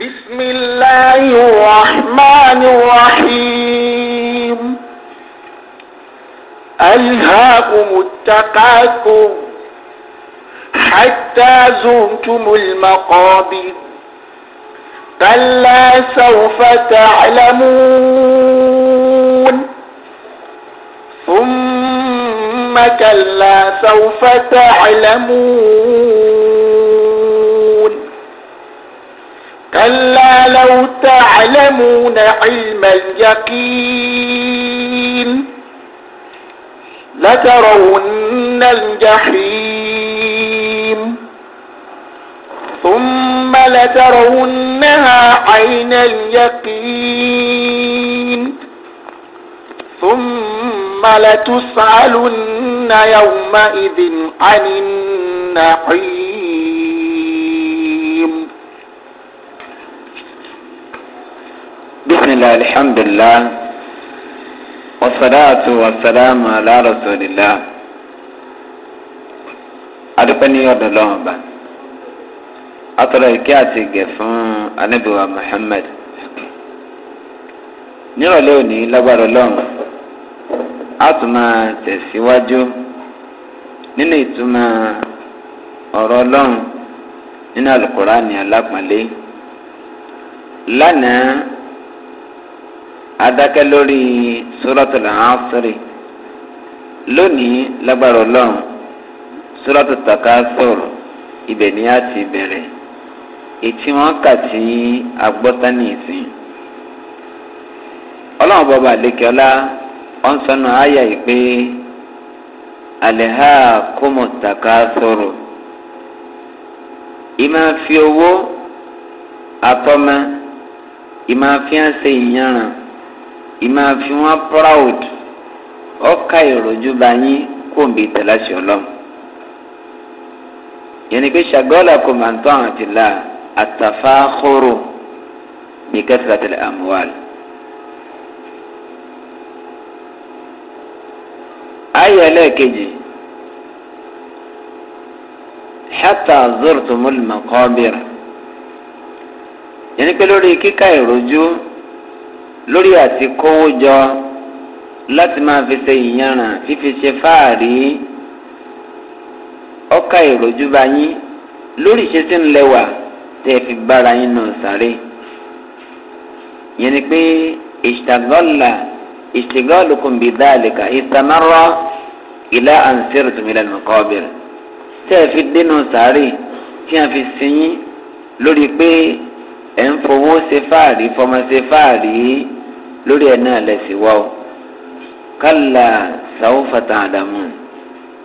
بسم الله الرحمن الرحيم ألهاكم التقاكم حتى زرتم المقابر كلا سوف تعلمون ثم كلا سوف تعلمون كلا لو تعلمون علم اليقين لترون الجحيم ثم لترونها عين اليقين ثم لتسألن يومئذ عن النعيم bisimilahi alihamdulilah wasalaatu wasalaamu ala rasulillah adúpẹ́ ní ọ̀dọ̀ lọ́wọ́ bá atọ́lọ́ ìké àti ìgẹ̀ fún anábìwá muhammed nírọ̀lẹ́ òní lágbára lọ́wọ́ a tún máa tẹ̀síwájú nínú ìtumọ̀ ọ̀rọ̀ lọ́wọ́ nínú alukóra ni alápọ̀nlé lánàá. adake lori tsoroto-daka-soro loni lagbara-olohun tsoroto-daka-soro ibe ni a ti bere etinwa ka ti agbotani si olamogbogbo aleikola on sanu yi pe aleha komo daka-soro ima n fi owo ato me ima n fi nse iyanra ìmọ̀ fi wọ́n proud ọ̀ka ìròjú bá yín kó n bí tẹ̀láṣẹ ọlọ́run. yẹn ni pé ṣàgọ́lá kò máa ń tọ́ àwọn ti la àtàfà kóró bí kẹsìlá tẹ̀lé àmúwàlì. ayọ̀ ẹlẹ́ẹ̀kejì hata zurtumul makobir yẹn ni pé lórí kíka ìròjú lórí àti kówó jọ láti máa fi ṣe ìyanràn fífi ṣe fáàrí ọkà ìròjú bá yín lórí ìṣesí ńlẹwà tẹ fi gbára yín nù sáré yẹn ni pé ìṣàgọ́là ìṣègọ́lù kùnbí dáàlìkà ìsàmárọ̀ ìlà ànsẹ́rù tùmílẹ̀ nìkọ́bìrì tẹ́ ẹ fi dénú sáré tí a fi sin yín lórí pé ẹ̀ ń fowó ṣe fáàrí fọmọ ṣe fáàrí lórí ẹ̀ náà lẹ́sìn wá o kálá sàwọ́fàtà àdàmú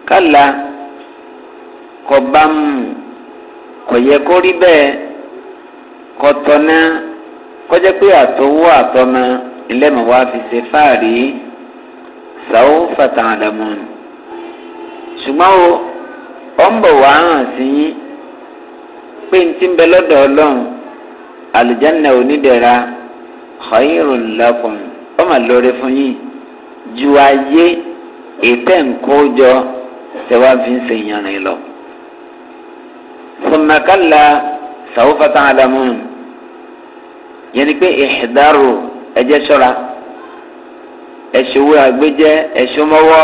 kálá kọ̀bámù kọ̀yẹ kó rí bẹ́ẹ̀ kọ̀tọ̀nà kọjá pé àtọwọ́ àtọmọ ńlẹ́mọ̀ wá fi ṣe fáàrí sàwọ́fàtà àdàmú ṣùgbọ́n o ọ̀ ń bọ̀ wá hàn sí yín pé n ń bẹ lọ́dọ̀ ọlọ́run àlùjáná onídẹ̀ra xɔyìrò lakùn ọmọ lórí fún yín ju ayé ètè nkójọ tẹwà fi ń sè yànnà lọ. sùnmàkàlà sàwùfàtà àdàmùn yẹn ni pé ìḥdàrú ẹjẹ sọra ẹṣọwó àgbẹjẹ ẹṣọmọwọ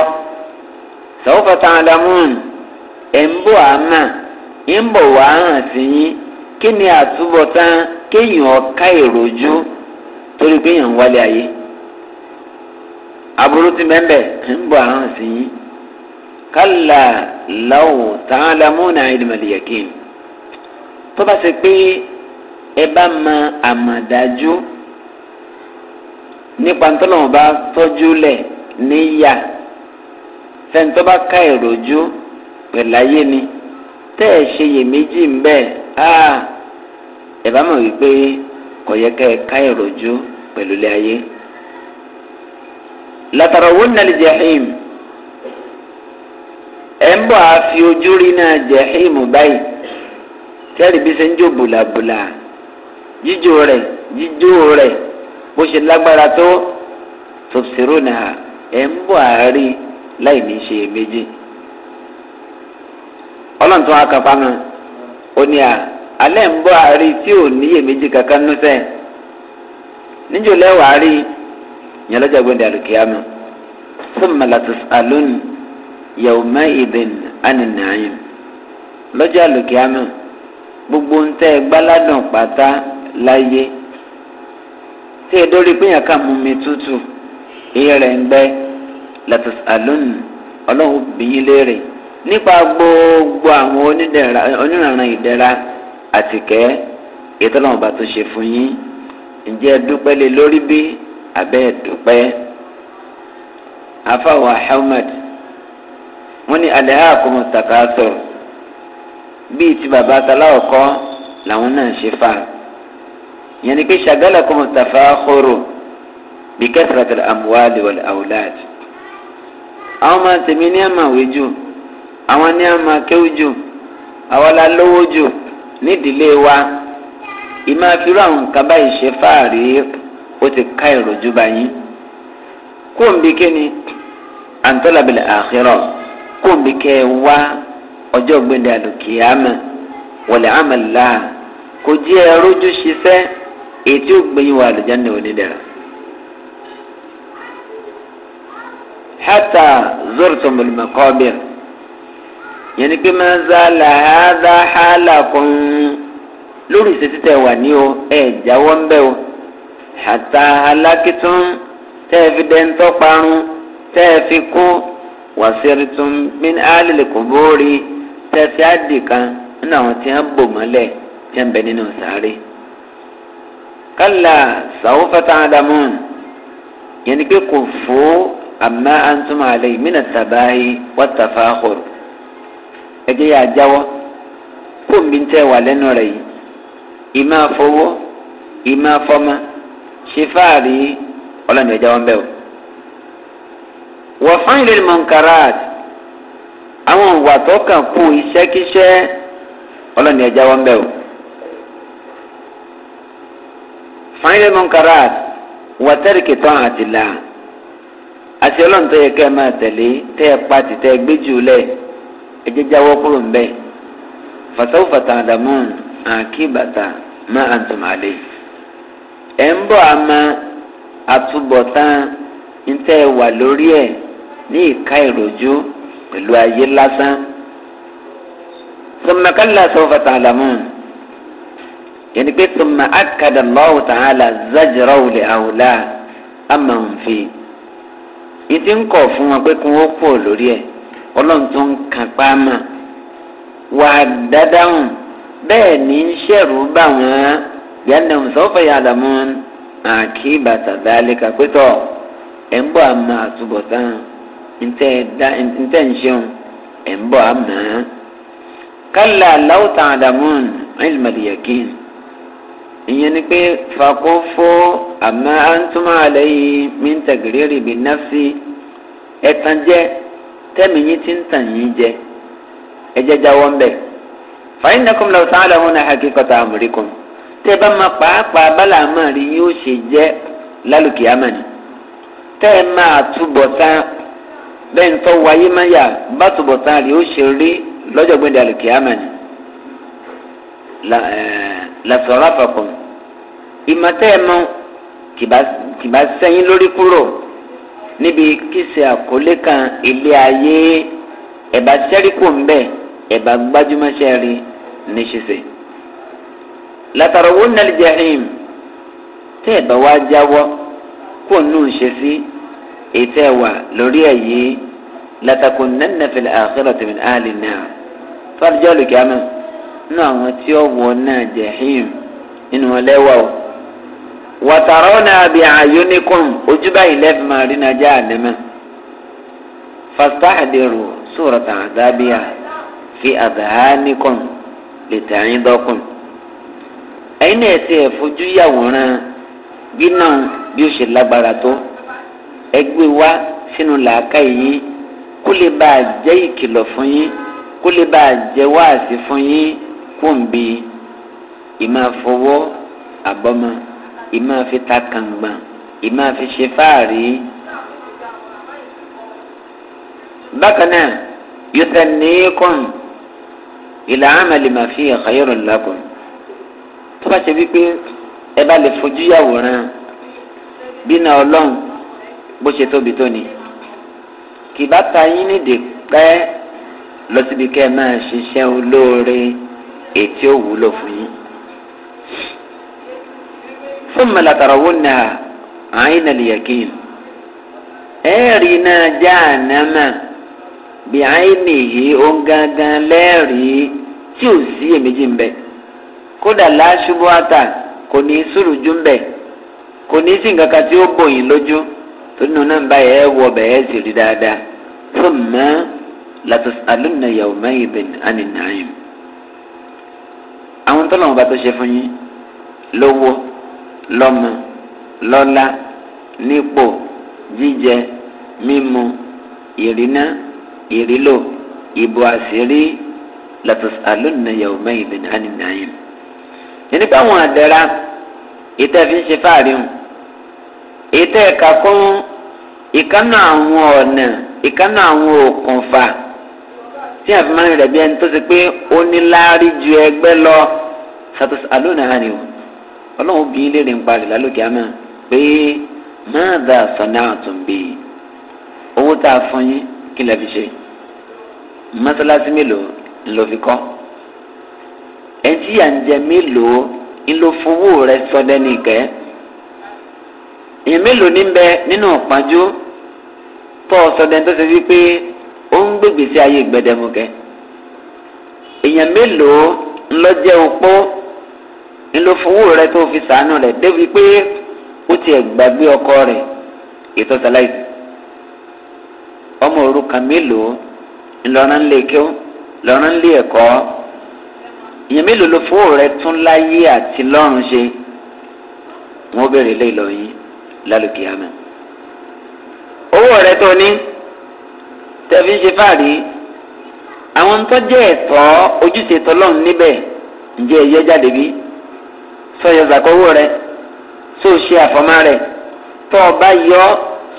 sàwùfàtà àdàmùn ẹnbọ àmà ẹnbọ wàhán sí yín kí ni àtúbọ̀tán kéèyàn ọ̀ka èròjú. Mm -hmm torí pé èèyàn ń wálé ayé aburú ti mẹ́mbẹ̀ ń bọ̀ àrùn sí yín kálá láwù tààlà múnà ìdìmọ̀lìyàkín tó bá ṣe pé ẹ bá mọ àmọ̀dájú nípa ntọ́lọ́wọ́n bá tọ́jú lẹ̀ níyà fẹ́ntọ́ bá ká ìròjú pẹ̀lú ayé ni tẹ́ ẹ ṣe iyèméjì ń bẹ́ẹ̀ ah, ẹ bá mọ̀ wípé kò yẹ kẹ́ ẹ ká ìròjú pẹ̀lú ilé ayé. látara owó nílẹ̀ jẹ́hìm ẹ̀ ń bọ̀ á fi ojú rí náà jẹ́hìm báyìí tẹ́rì bí ṣe ń jó bùlàbùlà jíjó rẹ̀ jíjó rẹ̀ bó ṣe lágbára tó tòṣìrò náà ẹ̀ ń bọ̀ á láì ní ṣe méjì. ọlọ́run tó wá kápá náà ó ní à alẹ́ ń bọ́ àárí tí ò níyèméjì kankan nú sẹ́yìn níjò lẹ́wọ̀ àárí yẹn lọ́jọ́ gbẹ̀dẹ̀ àlùkìyàmù fún malatus alun yahoma ibin aninayin lọ́jọ́ àlùkìyàmù gbogbo ń tẹ́ gbáládùn pátá láyé tí ẹ dórí pé yàn ká mú tútù iye rẹ̀ ń gbẹ́ latus alun ọlọ́run bìyín léèrè nípa gbogbo àwọn onírànràn ìdẹ́ra àtìkẹ́ ìtọ́lọ́mọba tó ṣe fún yín ǹjẹ́ dúpẹ́ lé lórí bí abẹ́ dúpẹ́ afáwọn ahmed wọ́n ní alẹ́ àkómọ takaso bíi ti bàbá aláwọ̀ kọ́ làwọn náà ṣe fà yẹn ni pé ṣàgálà kọ́mọ tàfà kóró bí kẹsàrẹ́tàlá àmúwálé wọlé àwùláàdì àwọn máa tèmi ní àmàwé jù àwọn ní àmà kéwù jù àwọn la lówó jù nídìílé wa ìmọ̀ àfirú àwọn nǹkan báyìí ṣe fáàrí ó ti ká ìròjú báyìí kó n bí kíni àǹtọ́làbìlẹ̀ àkírọ̀ kó n bí kẹ́ ẹ wá ọjọ́ gbẹ̀dẹ̀ àdùkìyàmẹ̀ wọlé àmàlà kò jí ẹ rójú ṣiṣẹ́ ètí ó gbẹ̀yìn wà àlùjáde onídẹ̀rẹ̀. hata zurtumul makobir yẹn ni pé máa ń zá làhádá hálà kan lórí ìṣe títẹ̀ wà ní o ẹ̀ jáwọ́ ń bẹ̀ o àtà alákìtún tẹ́ ẹ fi dẹ́ntọ́ parun tẹ́ ẹ fi kú wàṣírí tún bí alìlẹ̀ kò bóore tẹ́ fi àdì kan nínú àwọn tí wọ́n bò mọ́lẹ̀ tí wọ́n bẹ nínú sáré. kálá sàwọ́fẹ́tà ádámù yẹn ni pé kò fò àmà àǹtúmọ̀ àlẹ́ yìí tàbáyé wọ́n tàfà hóró ẹgẹ yà jáwọ kóńbi ń tẹ wà lẹnu rẹ yìí ìmọ̀ àfọwọ́ ìmọ̀ àfọmọ́ ṣe fáàrí ọlọ́ni ẹ̀jáwọ́ ń bẹ̀ o. wọ́n fún ìlú monkarat àwọn ìwà tó kàn kú iṣẹ́kíṣẹ́ ọlọ́ni ẹ̀jáwọ́ ń bẹ̀ o. fún ìlú monkarat wọ́n tẹ́rìkì tán àtìlá àti ọlọ́run tó yẹ kẹ́ ẹ máa tẹ̀lé tẹ́ ẹ pa tìtẹ́ gbé jù lẹ́ẹ̀ ẹjẹ jáwọ́ kúrò ń bẹ́ẹ̀ fatawu fata adamu akibata ma antumale ẹ̀ ń bọ̀ àmà àtúbọ̀tán ntẹ́ wà lórí ẹ̀ ní ìka ìròjú pẹ̀lú ayé lásán sọmọ kálá sọ fata adamu yẹni pé sọmọ akadà lọ́wọ́ tàhálà zajara wùlẹ̀ àwùlà àmà òǹfẹ̀ yìí ń kọ̀ fún wọn pé kí wọ́n kú ọ lórí ẹ̀ ọlọ́run tó ń kàn pa á mà wà dáadáhùn bẹ́ẹ̀ ní í ṣẹ̀rù bá wọn yàtọ̀ sọ́fẹ̀ yàdàmú àkíbà tàbí kàpẹ́tọ̀ ẹ̀ ń bọ̀ àmà àtúbọ̀tán ntẹ́ ń ṣeun ẹ̀ ń bọ̀ àmà kálá láwùtà àdàmú ẹ̀lmàdìyàkín ìyẹn ni pé fàkófó àmà àǹtúmọ̀ àlẹ́ yìí mí ń tẹ̀gẹ́rẹ́rì bí náfsì ẹ̀tàn jẹ́ tẹ́mìyín ti ń tàn yín jẹ ẹjẹ jáwọ́ ń bẹ̀. fàyín nàkùn lọ sàn án lọ́hùn náà hakíkọ́tà àmúríkùn tẹ́ bá máa pàápàá bálà máa rí yóò ṣe jẹ́ lálùkì àmàní tẹ́ ẹ máa túbọ̀ tán bẹ́ẹ̀ ń tọ́ wáyé máa yà bá túbọ̀ tán rí ó ṣe rí lọ́jọ́ gbẹ̀dẹ̀ àlùkì àmàní làṣọ̀rọ̀ àfàkùn ìmọ̀tẹ́ ẹ mọ kìbá sẹ́yìn lórí kúrò níbi kíse àkọlé kan ilé ayé ẹ̀bà sẹ́ríkù ń bẹ̀ ẹ̀bà gbájúmọ́ṣẹ́ rí ní ṣíṣe. látara owó nàlẹ́ jẹ́rìm tẹ́ ẹ̀bà wá jáwọ́ kó nù ń ṣe sí ètò ẹ̀wà lórí ẹ̀yí látàkùn nánà àkẹ́rọ̀ tẹ̀mí àlè náà fàdíjọ́ olùkẹ́ nínú àwọn tí ó wọ náà jẹ́rìm nínú ọlẹ́wà o wàtàrọ́ náà bí àyóníkùn ojú báyìí lẹ́fì máa rí nàjà àdẹ́mẹ́ fàtàdérò sóòrọ̀tà àdábíà fi àdáhánikùn lè tẹ̀yìn dọ́kùn. ẹ̀yin náà ti ẹ̀ fojú yàwòrán bí náà bí ó ṣe lágbára tó ẹgbẹ́ wa sínú làákà yìí kó lè bá a jẹ́ ìkìlọ̀ fún yín kó lè bá a jẹ́ wáàsí fún yín kó ń bi ìmáfọwọ́ àbọ́mọ́ ìmọ̀ fi ta kàngbọ̀n ìmọ̀ fi ṣe fáàrí. bákan náà yóò ní kàn ìlà àmàlì mà fi àkàyọ̀rọ̀ lákùn. tó bá ṣe wípé ẹ bá lè fojú yàwòrán bí náà ọlọ́run bó ṣe tóbi tó ni kì bá ta yín nídìí pẹ́ lọ síbi kẹ́ ẹ máa ṣiṣẹ́ olóore ètí ò wúlò fún yín fún mẹlẹtàràwọ náà àyìn nàlìyàkín ẹẹrì náà já ànámà bí àyìn nìyí òun gangan lẹẹrìí tí ò sí èméjì ń bẹ kódà láṣubú àtà kò ní í sùrù jù ń bẹ kò ní í sí nǹkan kan tí ó bòyìn lójú tó nínú náà ń bá yẹ wọ bẹ́ẹ̀ sì rí dáadáa fún mọ́ latus alunna yawma ibn ani naim àwọn tó lọ́wọ́ bá tó ṣe fún yín lówó lọ́mọ lọ́lá nípò jíjẹ mímu ìrìnà ìrìlò ìbò àṣírí latus'alunna yawma idhin 'anin na'im. yẹnni pé àwọn àdẹ́ra ìtẹ́ fi ń ṣe fáàrí hàn ìtẹ́ ẹ̀ka kún ìkánná àwọn ọ̀nà ìkánná àwọn òkùnfà tí àfi máa ń rẹ̀ bí ẹni tó ti pé ó ní láárí ju ẹgbẹ́ lọ satus'alunna 'anhu ọlọ́run bí léèrè ń parẹ́ lálùkì àmà pé máa dà sọ̀nà àtúnbí owó tá a fún yín kí lè fi ṣe mọ́sálásí mélòó ńlọ fi kọ́ ẹtí yà ń jẹ mélòó ńlọ fowó rẹ sọdẹ nìkẹ́ èèyàn mélòó ní bẹ nínú ọ̀pájú tó sọdẹ tó ṣe wípé ó ń gbègbè sí ayé gbẹdẹmukẹ èèyàn mélòó ńlọ jẹ opó ńlọ fowó rẹ tó fi sànù rẹ débi pé ó tiẹ̀ gbàgbé ọkọ rẹ ètò sàlàyé ọmọ òrùka mélòó ńlọrọ ńlẹ kíó lọrọ ńlẹ ẹkọ ìyẹn mélòó ló fowó rẹ tún láyé àti lọrùn ṣe wọn bèrè lé ìlọyìn lálùkì àmì owó rẹ tó ní tẹ̀fí ṣe fàárí àwọn tó jẹ́ ẹ̀tọ́ ojúṣe tọ́lọ́run níbẹ̀ ǹjẹ́ ẹ̀yẹ́ jáde bíi. sọyọ zàkọwọ rẹ tó ṣe àfọmọ rẹ tó o bá yọ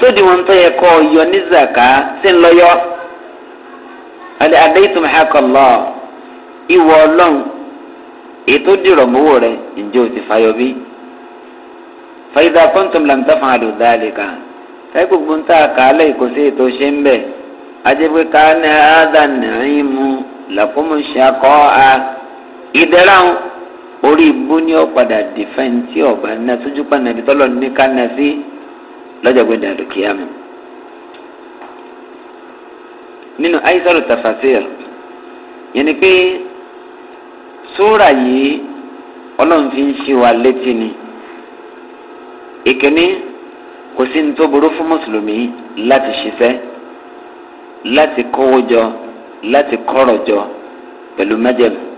sódì wọn tó yẹ kọ ọ yọ ní zàká sí ń lọ yọ. ọ̀lẹ́ adéyìtùmọ̀ akọ̀lọ́ ìwọ ọlọ́run ètò dìrọ̀ mọ́wọ́ rẹ ǹjẹ́ o ti fàyọ bí. fàyídà kọ́ńtùm làǹtà fún àdùdá àlèkà táyì gbogbo ń tà kálẹ̀ ìkọ̀sí ètò ṣe ń bẹ̀ ajẹ́pẹ́ ká ní àádá nàáyìn mu làkúmù ṣàkọ́ a ìdẹ́ráhùn. orí ibú ni ó padà dìfẹ́ǹtì ọ̀bà náà tójú pa nàbí tọ́lọ̀ ní ká náà sí lọ́jọ́ gbé dàdú kíá mi. nínú aisaru tafasir yẹn ni pé sóòrà yìí ọlọ́run fi ń ṣe wa létí ni ìkíní kò sí ní tó burú fún mùsùlùmí láti ṣiṣẹ́ láti kówó jọ láti kọ́rọ̀ jọ pẹ̀lú mẹ́jẹ̀mú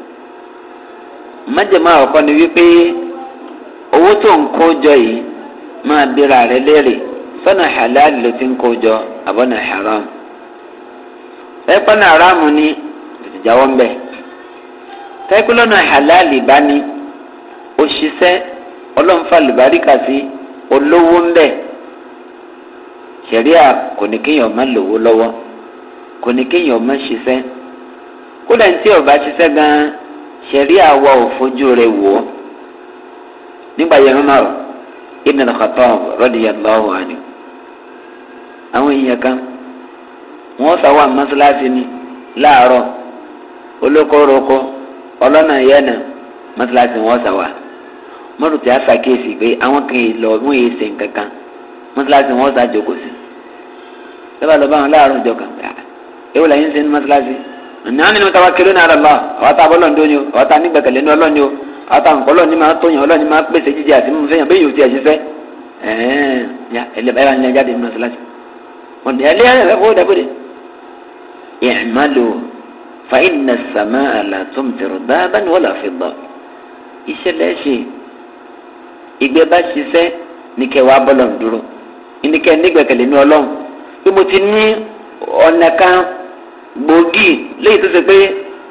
ma àkọ́kọ́ ni wípé owó tó ń kó yìí máa bíra rẹ léèrè sọ́nà halal ló ti ń kó jọ haram ẹ̀pọ́nà haram ni ìjáwọ́ ń bẹ̀ halal bá ní òṣìṣẹ́ ọlọ́nfà lùbáríkà sí olówó ń bẹ̀ kò ní kéèyàn má lówó lọ́wọ́ kò ní kéèyàn má ṣiṣẹ́ kódà ní ọba ṣiṣẹ́ gan-an. sẹ̀rí àwa ò fojú rẹ̀ wò ó nígbà yẹn náà ibn al-khattab radiyallahu anhu àwọn èèyàn e kan wọ́n sáwà mọ́sálásí ni láàárọ̀ olókoroko ọlọ́nà yẹ́nà mọ́sálásí wọ́n sáwà mọ́tò tí a ṣàkíyèsí pé àwọn kan yìí lọ wọ́n yìí ṣe nǹkan kan mọ́sálásí wọ́n sá jókòó sí lọ́ba lọ́ba àwọn láàárọ̀ ìjọ kan ẹ̀wọ̀n làyín ṣe ní mọ́sálásí nani ni mutawakiluna ala Allah àwọn tá a bọ́ lọ́ndọ́ ni o àwọn tá a nígbàkẹ̀lé ní ọlọ́ni o àwọn tá a nǹkan ọlọ́ni máa tó yàn ọlọ́ni máa pèsè jíjẹ àti mímu fẹ́yàn bẹ́ẹ̀ yóò ti ẹ̀ ṣiṣẹ́ ẹ̀ẹ́n ya ẹlẹ́bàá yà ń jáde nínú ṣíláṣí wọn ni ẹlẹ́yà rẹ̀ kó dàbọ̀dẹ̀. i'malu fa inna as-samaa la tumtiru dhahaban wala fidda ìṣẹ̀lẹ̀ ṣe ìgbẹ́ bá ṣiṣẹ́ ní kẹ́ wàá bọ́lọ̀ ń dúró ní kẹ́ nígbàkẹ̀lé ní ọlọ́run bí mo ti ní ọ̀nà kan gbòógì léyìí tó ṣe pé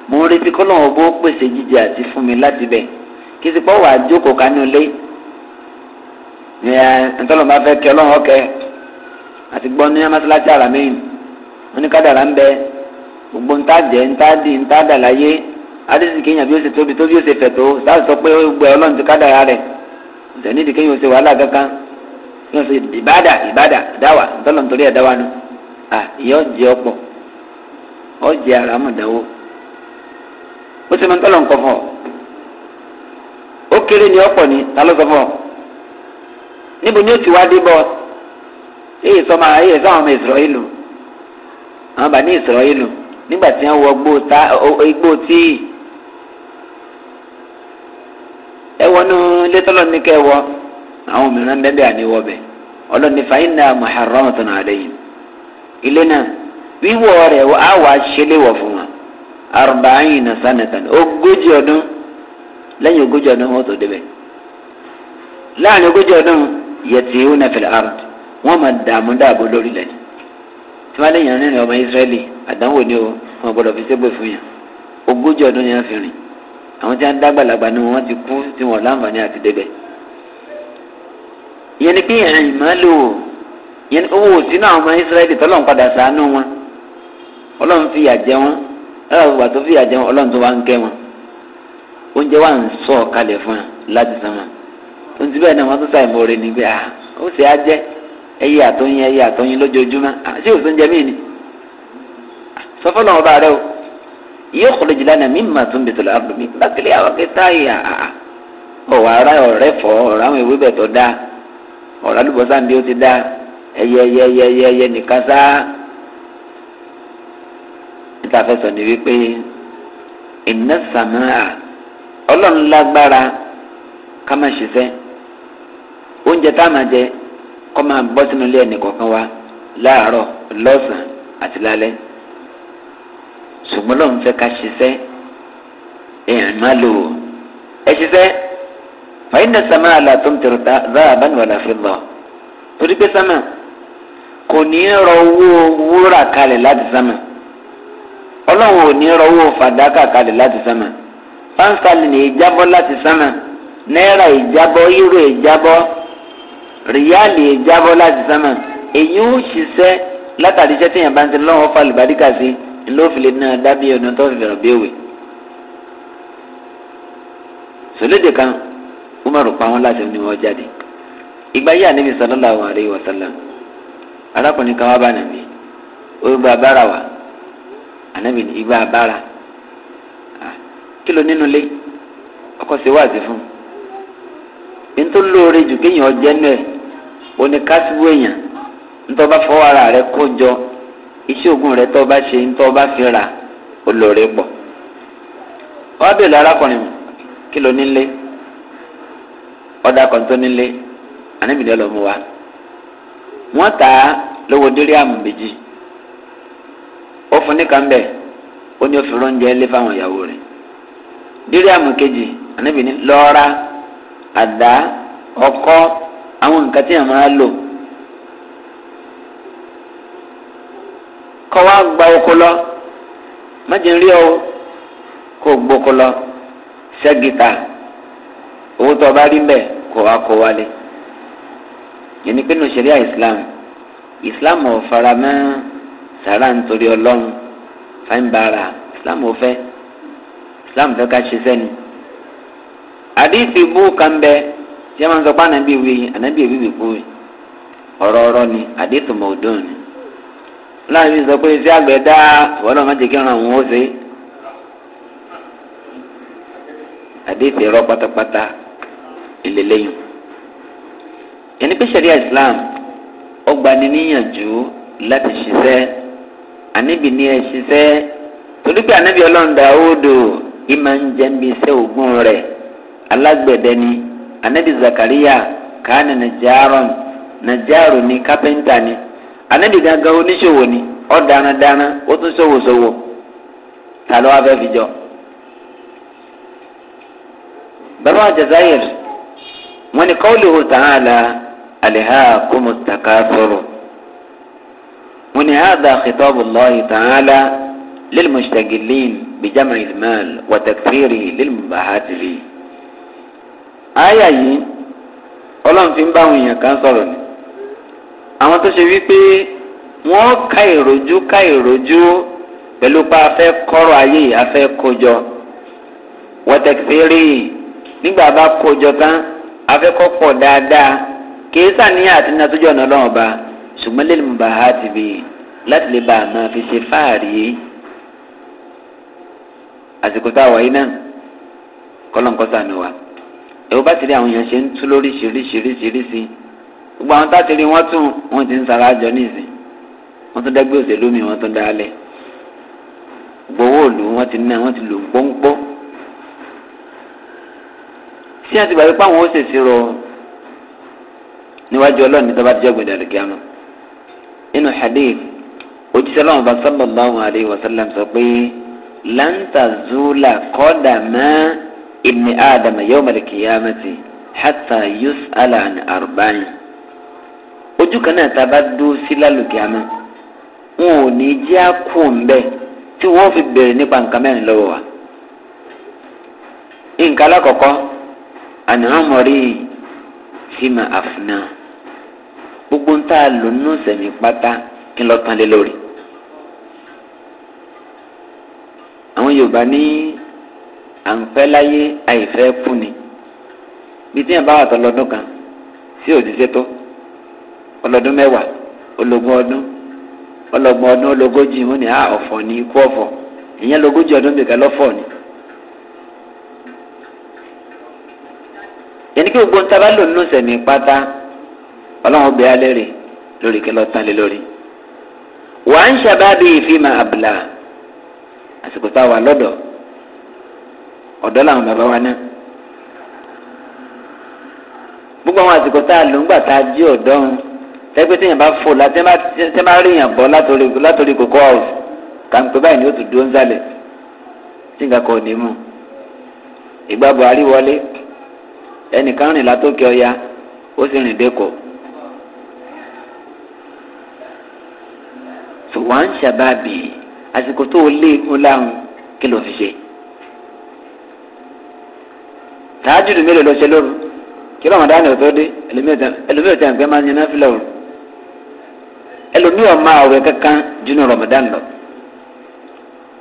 mò ń retí kọ́ lọ́wọ́ bó pèsè jíjẹ àti fún mi láti bẹ̀ kí sì pọ̀ wà á jókòó kánú lé ẹ̀ ntọ́lọ́ bá fẹ́ kẹ́ ọlọ́run ọkẹ́ àti gbọ́ ní amásíláṣí àrà mẹ́yìn oníkádàrà ń bẹ gbogbo ntá jẹ ntá di ntá dà láyé adéṣì kéèyàn bí ó ṣe tóbi tó bí ó ṣe fẹ̀ sáà sọ pé gbẹ ọlọ́run ti kádàrà rẹ̀ ṣẹ̀ nídìí kéèyàn ó ṣe wàhálà kankan kéèyàn ṣe ìbádà ìbádà dáwà ntọ́lọ́ nítorí ẹ̀ nù à ìyọ́ jẹ́ ọ̀pọ̀ ọjẹ ara mọ̀dáwó ó sì máa ń tọ́lọ̀ nǹkan fún ọ ni ọ̀pọ̀ ni fún ọ níbo ni ó ti wá dé bọ́ èyí sọmọ èyí sọ àwọn ọmọ ìsọ̀rọ̀ìlù àwọn bàbá ní ìsọ̀rọ̀ìlù nígbà tí wọ́n wọ igbó tíì ẹ wọnú ilé tọ́lọ̀ ní bẹ́ẹ̀ bẹ́ẹ̀ bẹ́ẹ̀ ọlọ́ni fàáyín náà mọ̀ wíwọ rẹ̀ á wà ṣẹlẹ̀wọ̀ fún wa arbaẹ́yìn na sanatan ogójì ọdún ogójì ọdún tó láàrin ogójì ọdún yẹtì ard máa dààmú dààbò lórí tí ọmọ israẹli àdánwò ni o wọn gbọdọ̀ fi ṣẹ́gbẹ̀ fún yàn ogójì ọdún yẹn fi rìn àwọn tí wọ́n dágbàlagbà ni wọ́n ti kú tí láǹfààní àti ni lò owó àwọn ọmọ israẹli ń padà ọlọ́run fi yà jẹ wọn lọ́wọ́ ìgbà tó fi yà jẹ wọn ọlọ́run tó wá ń kẹ́ wọn oúnjẹ wa ń sọ kalẹ̀ fún wa láti sánmà tó ń ti bẹ́ẹ̀ náà wọ́n tún sàì mọ́ọ́rẹ́ ni pé ah ó sì á jẹ́ ẹyẹ àtọ́yìn ẹyẹ àtọ́yìn lójoojúmọ́ àti òsè ń jẹ mí ni sọ fún ọba rẹ o yóò kọ́lé jìlá náà mímà tó ń bètò mi lákìlẹ̀ àwọn akẹ́tà yà ọ̀wà ara ọ̀rẹ́ fọ́ tá a fẹ́ sọ ni wípé iná sàmáà ọlọ́run lágbára ká má ṣiṣẹ́ oúnjẹ tá a máa jẹ kọ́ máa bọ́ sínú ilé ẹnì kọ̀ọ̀kan wa láàárọ̀ lọ́sàn-án àti lálẹ́ ṣùgbọ́n lọ́run fẹ́ ká ṣiṣẹ́ èèyàn má lò ó ẹ ṣiṣẹ́ fàyín náà sàmáà là tó ń tẹ̀rọ dáàbá ni wà láfi lọ torí pé sàmáà kò ní rọ owó wúrà kalẹ̀ láti sàmáà ọlọ́run ò ní rọwọ́ fàdákà kalẹ̀ láti sánmà pánsálì ní ìjábọ́ láti sánmà náírà ìjábọ́ euro ìjábọ́ ríálì ìjábọ́ láti sánmà èyí ó ṣiṣẹ́ látàrí iṣẹ́ tíyẹn bá ń ṣe lọ́wọ́ falùbáríkà sí ńlọ́ọ̀fìlẹ̀ náà dábìí ọ̀nà tó fi fẹ̀rọ̀ béèwé. sòlédè kan umaru pa wọn láti ní wọn jáde ìgbà yíyà níbi sọlọ́lá àwọn àríwá sọlá arákùnrin kan wá bá nàbí ó gba bára wa ànábì ní igbá abára kí ló nínú lé ọkọ sí wáàzì fún un nítorí lóore jù kéèyàn jẹ́ nù ẹ̀ oníkásíwò èèyàn ntọ́ bá fọwọ́ ara rẹ kó jọ iṣẹ́ ògùn rẹ tọ́ bá ṣe ntọ́ bá fi ra olóore pọ̀ wọ́n bèèrè arákùnrin mu kí ló nílé ọ̀dà kan tó nílé ànábìlẹ̀ lọ́mú wa wọ́n tà lówó dérí àmì ó fún ní kan bẹ́ẹ̀ ó ní ó fi rọ́njẹ́ lé fáwọn ìyàwó rẹ̀ díríàmù kejì ànábì ní lọ́ọ́ra àdá ọkọ́ àwọn nǹkan tí àwọn á lò kọ́ wá gba oko lọ májèlé rí ọ kó gboko lọ ṣẹ́gìtà owó tó o bá rí mbẹ́ kó wá kó wálé yẹn pé nù sẹ́ríà islam islam ò fara mọ́. sàrà nítorí ọlọ́run fáńbàrà islam ò fẹ́ islam fẹ́ ká ni. àdìsí bú kan bẹ tí a máa ń sọ pé ànábì wí ni àdìsí mọ̀ọ́dún ni. láàbí sọ pé iṣẹ́ àgbẹ̀ dá ìwọ́n náà má jẹ́ kí ọ̀ràn òun ó ṣe. àdìsí ẹ̀rọ pátápátá islam ọgbà ni níyànjú láti anabi ni ẹ ṣiṣẹ́ torí pé anabi ọlọ́ọ̀dà òdo ìmọ̀ ń jẹ́ ń bí iṣẹ́ ògùn rẹ̀ alágbẹ̀dẹ ni anabi zakariya kàánì nàjàrún nàjàrú ni kápẹ́ńtà ni anabi gangan oníṣòwò ni ọ̀ dáradára ó tún ṣòwòṣòwò ta ló wá fẹ́ fi jọ. bàbá jazair wọn ni kọ́ọ̀lù ta'ala alihakumu takasoro wọn ni hadha khitabullahi ta'ala lilmushtagilin bijama'il mal wa takfiri lilmubahati bi. àyà yìí ọlọ́run fi ń bá àwọn èèyàn kan sọ̀rọ̀ ni àwọn tó ṣe wípé wọ́n ká ìròjú ká ìròjú pẹ̀lú pa afẹ́ kọ́rọ̀ ayé afẹ́ kojọ wa nígbà bá kojọ tán afẹ́ kọ́ pọ̀ dáadáa kì sàníyàn àti nàtójú ọ̀nà ọlọ́run ọba ṣùgbọ́n lè mú bàá ti bì láti lè bá a máa fi ṣe fáàrí àsìkò tá a wà yìí náà kọ́lọ́nkọ́sà ni wa ẹ̀rọ bá ti rí àwọn èèyàn ṣe ń tú lóríṣiríṣiríṣiríṣi gbogbo àwọn táṣìírí wọ́n tún wọ́n ti ń sara àjọ nísìn wọ́n tún dẹ́gbẹ́ òṣèlú mi wọ́n tún dá lẹ̀ gbowó òlù wọ́n ti ná wọ́n ti lò gbọ́ngbọ́ tí a ti gbàgbé pé àwọn ó ṣèṣirò níwájú ọlọ́ọ̀ni tó bá ti jẹ́ ògbèdè àlùkí àmọ́ nínú hadith òjíṣẹ́ lọ́wọ́ bá sallallahu alayhi wa sallam sọ pé lantazula kọ́dàmá ibni adam yawmal qiyamati hatta yus'ala an arba'in ojú kan náà tá a bá dúró sí lálùkì àmọ́ wọn ò fi bèrè nípa nǹkan mẹ́rin wa nǹkan alákọ̀ọ́kọ́ àná ọmọ rí fima afna gbogbo ń tá a lò nínú sẹ̀mí pátá kí lọ́ọ́ tán lé lórí. àwọn yorùbá ní àǹfẹ́ láyé àìfẹ́ fún ni bí tí yẹn bá wà tọ́ lọ́dún kan sí òṣìṣẹ́ tó ọlọ́dún mẹ́wàá ológun ọdún ọlọ́gbọ̀n ọdún ológójì wọn ni ọ̀fọ̀ ni ikú ọ̀fọ̀ ìyẹn lógójì ọdún bìkan lọ́fọ̀ ni. yẹn ní kí gbogbo ń lò nínú sẹ̀mí pátá ọlọ́run bẹ́ẹ̀ alẹ́ rè lórí kí lọ́ọ́ tán lé lórí. wà á ń ṣàbábí ìfimà àbùlà àsìkò tá a wà lọ́dọ̀ ọ̀dọ́ làwọn bàbá wa náà. gbogbo àwọn àsìkò tá a lò ń gbà tá a jí ọ̀dọ́ ń tẹ́gbẹ́ tí yẹn bá fò láti tẹ́ rí yàn bọ́ látòrí kókó house kàǹpé báyìí ni ó ti dúró ń sálẹ̀ tí nǹkan kan ò ní mú ìgbà buhari wọlé ẹnìkan rìn látòkè ọya ó sì rìn dẹ́kọ̀ọ́ tó wà ń ṣàbàbí àsìkò tó lé egun láhùn kí ló fi ṣe. tààjùdù mélòó lọ ṣe lóru kí lọ́mọ dáhùn ọ̀tọ́ dé ẹlòmíràn tí a ń pẹ́ máa ń yan náà fi lọ́rùn ẹlòmíràn máa wẹ̀ kankan jùnú rọ̀mọ̀dán lọ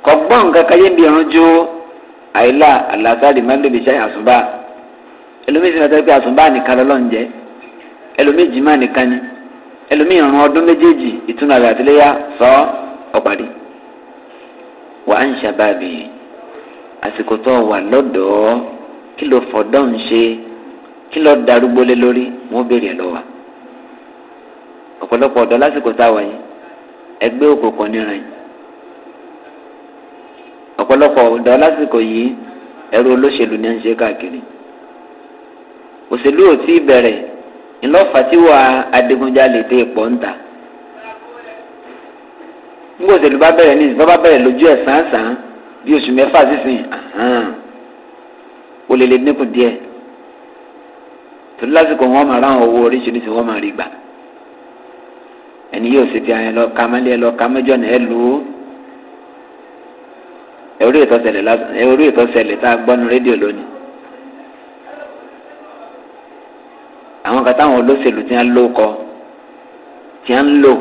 kọ̀gbọ́n kankan yé bí irun jó àìlà àlàsáàdì mẹ́lẹ́bí ṣe àsùnbà ẹlòmíràn sì máa tẹ́ pé àsùnbà nìkan lọ́lọ́ ń jẹ ẹlòmíràn jìmá nìkan ni. ẹlòmíì ọ̀run ọdún méjèèjì ìtúnu àwẹ̀ àtìlẹ́yà sọ ọ̀pàdé wà á ń ṣàbàbí àsìkò tó wà lọ́dọ̀ọ́ kí ló fọ̀dọ́ ń ṣe kí ló darúgbó lórí wọ́n béèrè ẹ̀ lọ́wọ́ ọ̀pọ̀lọpọ̀ ọ̀dọ́ lásìkò táwa yìí ẹgbẹ́ òkùnkùn níran ọ̀pọ̀lọpọ̀ ọ̀dọ́ lásìkò yìí olóṣèlú ni à ń ṣe káàkiri òṣèlú ò ńlọ́fà tí wà adigunjalè dé pọ̀ ń ta nígbà òṣèlú bá bẹ̀rẹ̀ ní ìsìnkú bá bẹ̀rẹ̀ lójú ẹ̀ sàn-án bí oṣù mẹ́fà sísìn o lè lè dínkù díẹ̀ torí lásìkò wọn máa ráwọn owó oríṣiríṣi wọn máa rí gbà ẹni yóò ṣe ti àyàn lọ ka mẹ́lẹ́ lọ ka mẹ́jọ náà ẹ lò ó ẹ̀rú ìtọ́sẹ̀lẹ̀ tá a gbọ́ nu rédíò lónìí. àwọn kan táwọn olóṣèlú ti ń lò kọ ti ń lò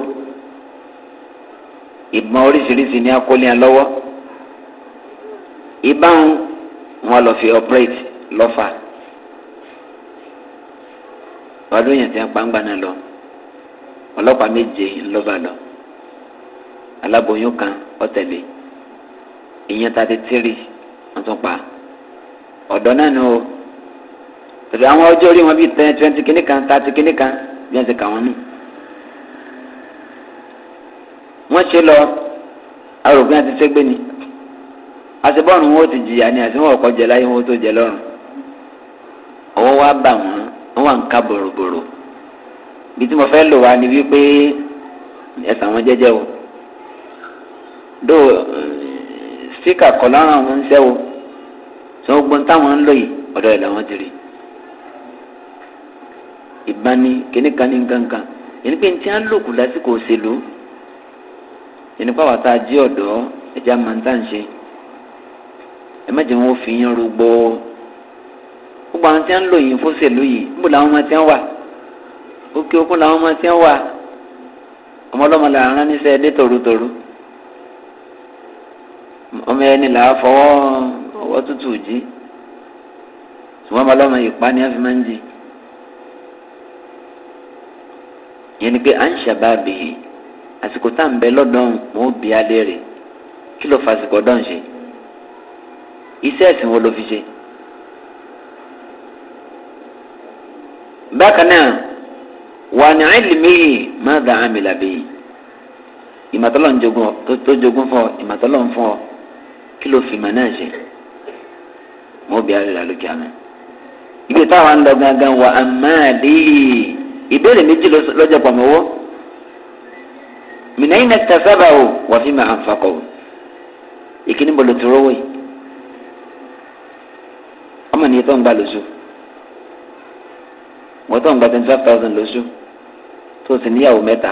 ìbọn oríṣiríṣi ní akólíyàn lọ́wọ́ ìbáwọn wọn lọ fi operate lọ́fà ọdún yẹn ti ń pàǹgbà náà lọ ọlọ́pàá méje ńlọ́ba lọ aláboyún kan ọ̀tẹ̀lẹ̀ ìyẹn thirty three wọ́n tún pa ọ̀dọ́ náà ni o tẹ̀lé àwọn ọjọ́ orí wọn bíi ten twenty kìíní kan thirty kìíní kan bí wọ́n ti kà wọ́n nù. wọ́n ṣe lọ arògbìn àti sẹ́gbẹ́ ni àṣebọ́ọ̀nù wọn ò ti jìyà ni àṣẹ wọn ò láyé wọn ò tó jẹ lọ́rùn ọwọ́ wa bà wọ́n wọ́n wà ń ka bòròbòrò bí tí mo fẹ́ lò wá ni wípé ẹ̀sà wọn jẹ́jẹ́ o do eh, spika kọ̀ lọ́rùn àwọn ń ṣẹ́ o sọ gbọ́n táwọn ń lò yìí ọ̀dọ̀ ẹ̀ làwọn ti rí i ìbáni kìnnìkanni nkankan yẹn pé ntí á lòkù lásìkò òṣèlú yẹn pé àwọn tá a jí ọ̀dọ́ ẹja máa ń tà ń ṣe ẹ má jẹ́ wọn fi yín rúgbọ́ gbogbo àwọn tí wọn ń lò yín fóṣèlú yìí níbo làwọn ọmọ tí wọn wà òkè òkun làwọn ọmọ tí wọn wà ọmọ ọlọ́mọ là ń rán níṣẹ́ dé tòrótòró ọmọ ẹni là á fọwọ́ ọwọ́ tútù jí ṣùgbọ́n ọmọ ọlọ́mọ ìpá ni wọ́n fi máa ń jí. yẹn ni pé à ń ṣàbábì yìí àsìkò tá à ń bẹ lọ́dọ̀ọ́n mò ń bi alẹ́rè kí ló fa àsìkò ọ̀dọ́ ń ṣe iṣẹ́ ẹ̀sìn wo ló fi ṣe. bákan náà wà ní àìlèmíyì má dà á mìlà bẹ́yì ìmọ̀tọ́lọ́ ń jogún tó jogún fún ọ ìmọ̀tọ́lọ́ fún ọ kí ló fi mọ̀ náà ṣe mò ń bi alẹ́rè lálùkì àná. ibi táwa ń wà á máa dé ìbéèrè méjì lọ́jọ́ pàmòwó mìnàyìn náà ta sábà o wà fi máa ànfàkọ o ìkíní bọ̀lọ̀ tó rọ́wọ́ yìí ọmọ nìyẹn tó ń gbà lóṣù wọ́n tó ń gbà twenty five thousand lóṣù tó sì níyàwó mẹ́ta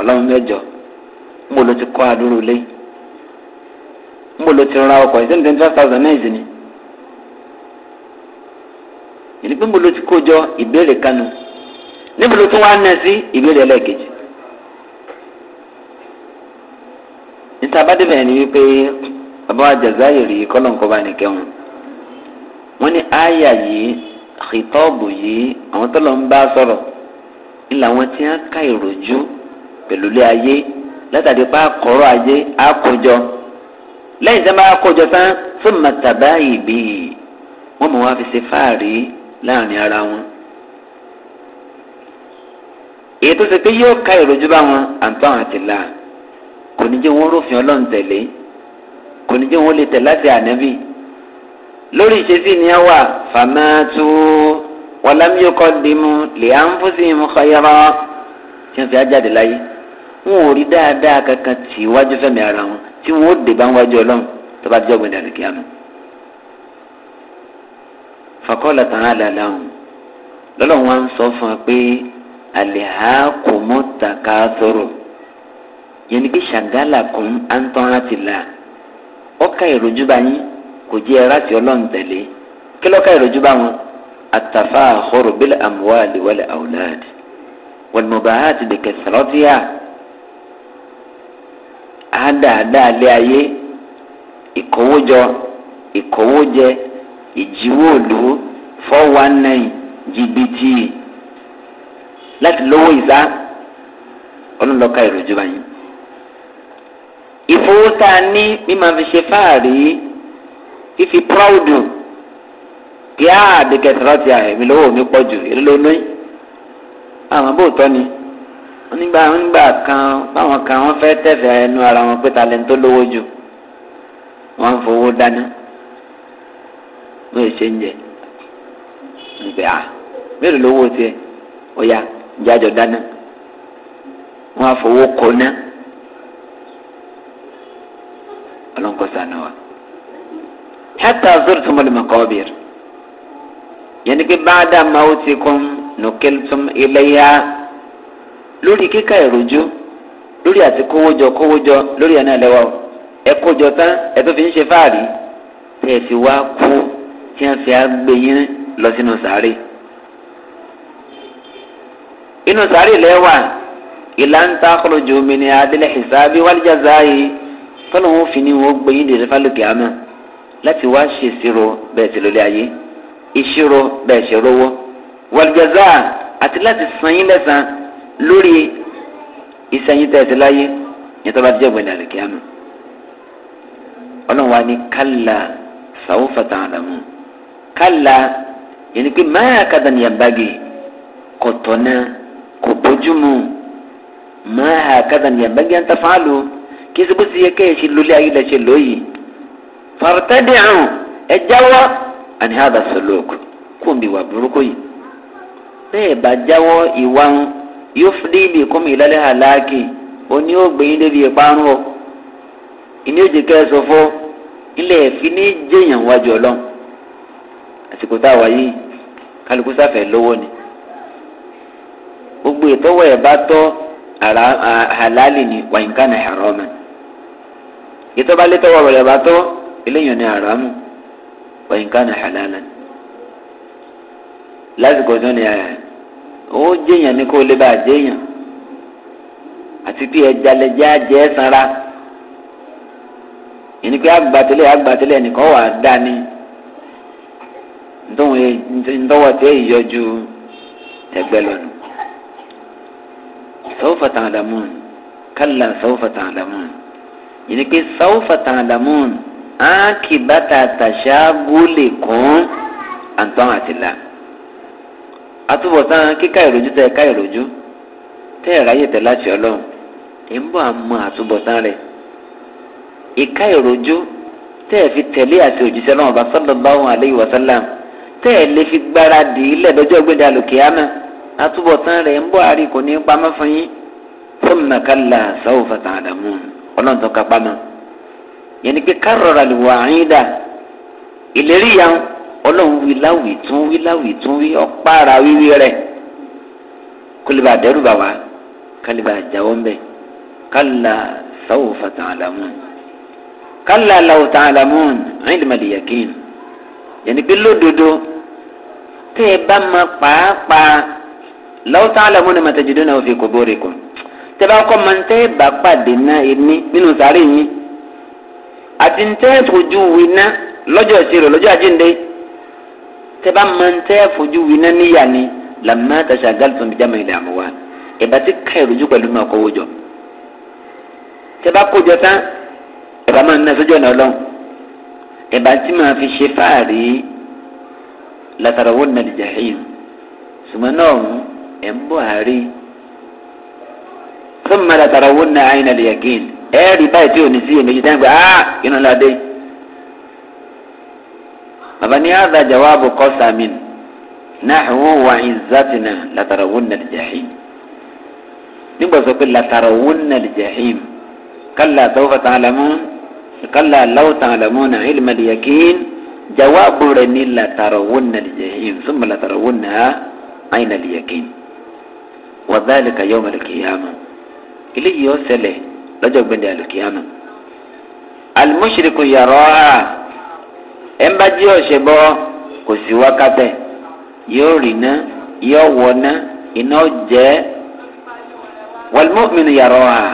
ọlọ́run mẹ́jọ ń bọ̀ ló ti kọ́ àdúró lé ń bọ̀ ló ti ra ọkọ̀ ìṣẹ́ni twenty five thousand náà ìsìn ni ìdí pé ń bọ̀ ló ti kó jọ ìbéèrè kanu níbi ló tún wá nà sí ìbéèrè ẹlẹ́ẹ̀kejì. níta bá débẹ̀ ni wípé bàbá wa jazayiri kọ́lọ́nkọ́ba nìkẹ́ wọn wọ́n ní àyà yìí xitọ́ọ̀bù yìí àwọn tó lọ ń bá sọ̀rọ̀ ńlá wọn ti ń ka ìròjú pẹ̀lú ilé ayé látàrí pé àkọ́rọ̀ ayé àkójọ lẹ́yìn tí wọ́n bá àkójọ tán fún màtàbá ìbí wọ́n mọ̀ wá fi ṣe fáàrí láàrin ara wọn èyí tó ṣe pé yóò ká ìrojú bá wọn àǹfà wọn ti là kò ní jẹ́ wọn rófin ọlọ́run tẹ̀lé kò ní jẹ́ wọn lè tẹ̀ láti ànábì lórí ìṣesí ni a wà fàmẹ́tù wàlámíyókọ́ dìímù lèánfúsì mùkọ́yọ́rọ́ tí wọ́n fi ajáde láyé wọn ò rí dáadáa kankan tì wájú fẹ́mi ara wọn tí wọn ó dè bá wájú ọlọ́run tó bá dijọ́ gbẹ̀dẹ̀ àlùkìyàmù. fàkọ́lá tàn án làlá wọn lọ́lọ́run wá ń sọ fún wa pé alihakumu takasoro yẹn ni pé ṣàgálà kún antọ́ra ti la ọkà ìrojú bá yín kò jẹ́ ẹ̀rá tí ọlọ́run tẹ̀lé kí lọ́kà ìrojú bá wọn àtàfà àhọrò bílẹ̀ àmúwáàlì wọlé àwòláàdì wọlùmọ̀bà á ti dèkè sọ̀rọ̀tìyà àádáadáa lé ayé ìkówójọ ìkówójẹ ìjíwòlú four one nine jìbìtì láti lówó ìzá ọlọ́lọ́ka ìròjú báyìí. ìfowó tá a ní bí màá fi ṣe fáàrí fífi púráùdù kí á àdìgẹ̀tẹ̀rọ̀ ti àìmí lówó mi pọ̀ jù èlò lónìí. Ah, àwọn abóòtọ́ ni onígbà onígbà kan báwọn kan wọ́n fẹ́ tẹ̀fẹ̀ ẹnu ara wọn pé talẹ̀ ń tó lówó jù wọ́n fowó dáná wọ́n èsè ń jẹ nígbà ah, mélòó lówó tiẹ̀ ó jájọ dáná wọn á fowó kọ ná ọlọ́nkọ́ sànà wa hẹ́tà zoro tó mọ̀lẹ́mọ̀ kọ́ bìrì yẹnni pé báadà máa ti kún nùkẹ́lùtùm ìlẹ́yà lórí kíkà ìrújú lórí àti kówójọ kówójọ lórí ẹ̀ náà lẹ́wọ̀ ẹ kójọ tán ẹ tó fi ń ṣe fáàrí tẹ́ ẹ fi wá kú tí wọ́n fi á gbé yín lọ sínú sàárè inú sáré lẹ́wà ìlànà àkọlọ́jọ omi ni adílẹ̀ ìsáábí wálíjà záyé tọ́lọ̀ wọn fi ni wọn gbẹ̀yìn dèrè fálùkì àmọ́ láti wá ṣe ìṣirò bẹ́ẹ̀ ti lólé ayé ìṣirò bẹ́ẹ̀ ṣe rówó wálíjà zá àti láti san yín lẹ́sàn lórí ìsẹ́yìn tẹ̀sí láyé ní tọ́ba jẹ́ gbẹ̀yìn dèrè kíámù ọlọ́run wa ni kálá sàwọ́fàtà àdàmú kálá yẹn ni pé máa kàdánìyàn bági kọ̀tọ̀ náà tarjumu ma hakadan yanbaghi an tafalu kí sọ bó ti yẹ kẹ́ ẹ ṣe lólé ayé lẹ ṣe lóyìí fàrùtẹ́dẹ̀ àrùn ẹ jáwọ́ àní hàdà sọlọ́ọ̀kù kò mí wà burúkú yìí bẹ́ẹ̀ bá jáwọ́ ìwà ń yóò fi débi kó mi lálẹ́ àláàkì òní ó gbẹ̀yìn débi ìparun o ìní òjì kẹsọ fọ ilẹ̀ fi ní jẹ̀yàn wájú ọlọ́run àsìkò tá a wà kálukú sáfẹ́ lówó ni gbogbo ìtọ́wọ́ ẹ̀ bá tọ́ halali ni wàyínká ni haramu ìtọ́ba létọ́wọ́ rẹ̀ bá tọ́ eléyàn ni haramu wàyínká ni halala lásìkò tó ni ó jẹyàn ní kó lè bá jẹyàn àti pé ẹja lẹjẹ ajẹ sanra yìí ni pé agbatẹlẹ agbatẹlẹ nìkan wà dání ntọ́wọ́ tẹ ìyọjú ẹgbẹ́ lọ́nu sawfa ta'lamun kalla sawfa ta'lamun yìí pé sawfa ta'lamun ákìbátà tàṣàgólè kan àǹtọ́ àtìlá àtúbọ̀tán kíkà ìròjú tẹ ká ìròjú tẹ ẹ̀ráyè tẹ láti ọlọ́run ẹ̀ ń bọ̀ àmọ́ àtúbọ̀tán rẹ̀ ìka ìròjú tẹ ẹ̀ fi tẹ̀lé àti òjíṣẹ́ náà bá sọ́dọ̀ báwọn àlẹ́ ìwọ̀sálàm tẹ ẹ̀ fi gbáradì ilẹ̀ lọ́jọ́ gbẹ̀dẹ̀ àlòkè ámà àtúbọ̀tán rẹ̀ ń bọ̀ àrí kò ní pamọ́ fún yín fúnmi kálá sọ́wọ́fà tàn àdàmú ọlọ́run tó ka pamọ́ yẹn ni pé kárọ̀rọ̀ àlùwà àyín dà ìlérí yàn ọlọ́run wí láwì tún wí láwì tún wí ọ̀pára wíwí rẹ̀ kólébà dẹ́rù bà wá kálíbà jáwọ́ ń bẹ̀ kálá sọ́wọ́fà tàn àdàmú kálá làwọ̀ tàn àdàmú àyìn lè má lè yẹ kéèyàn yẹn ni pé lódodo tẹ́ ẹ bá ma pàápàá lọ́wọ́ tá a lọ mọ́nà màtàjìdó náà fi kòbóre kù tẹ́lá ọkọ máa ń tẹ́ bá pàdé náà ẹni nínú sàárè yín àti ń tẹ́ fojú winá lọ́jọ́ ìṣirò lọ́jọ́ àjíǹde tẹ́lá máa ń tẹ́ fojú winá níyà ni làmá tàṣà gàlùfọ̀n bíi jámà ilẹ̀ àmúwá ìbá ti ká ìrújú pẹ̀lú náà kówó jọ tẹ́lá kójọ tán ìbá máa ń ná sójú ọ̀nà ìbá ti máa fi ṣe fáàrí látàrọ̀wọ́ nàìjíríà ṣùgbọ́n náà ẹ̀mbọ̀hárí fún mọ́lá tàrà owó náà àyìnà lè yàgìn ẹ̀ẹ́dì báyìí tí ò ní sí èméjì dáhùn pé áá inú ńlá dé. bàbá ní àdá jawaabu kọ́ sàmìn náà wọ́n wà ìzátìnà látàrà owó náà lè jàhìm nígbà sọ pé látàrà owó náà lè jàhìm kálá tọ́wọ́ tàlámù kálá láwù tàlámù náà ìlmà lè yàgìn jawaabu rẹ̀ ní látàrà owó náà lè jàhìm fún mọ́lá tàrà owó náà àyìnà lè yàgìn. wàdálì kàyọ́ ọmọlùkìyàmù eléyìí ó ṣẹlẹ̀ lọ́jọ́ gbẹ̀dẹ̀ àlùkìyàmù. alimusiriku yàrá ọ̀hà ẹ̀ńbàjì ọ̀ṣẹ̀bọ kò sí wákàtẹ́ yóò rì ná yóò wọ̀ ná iná jẹ́ wàlúmọ́mìnì yàrá ọ̀hà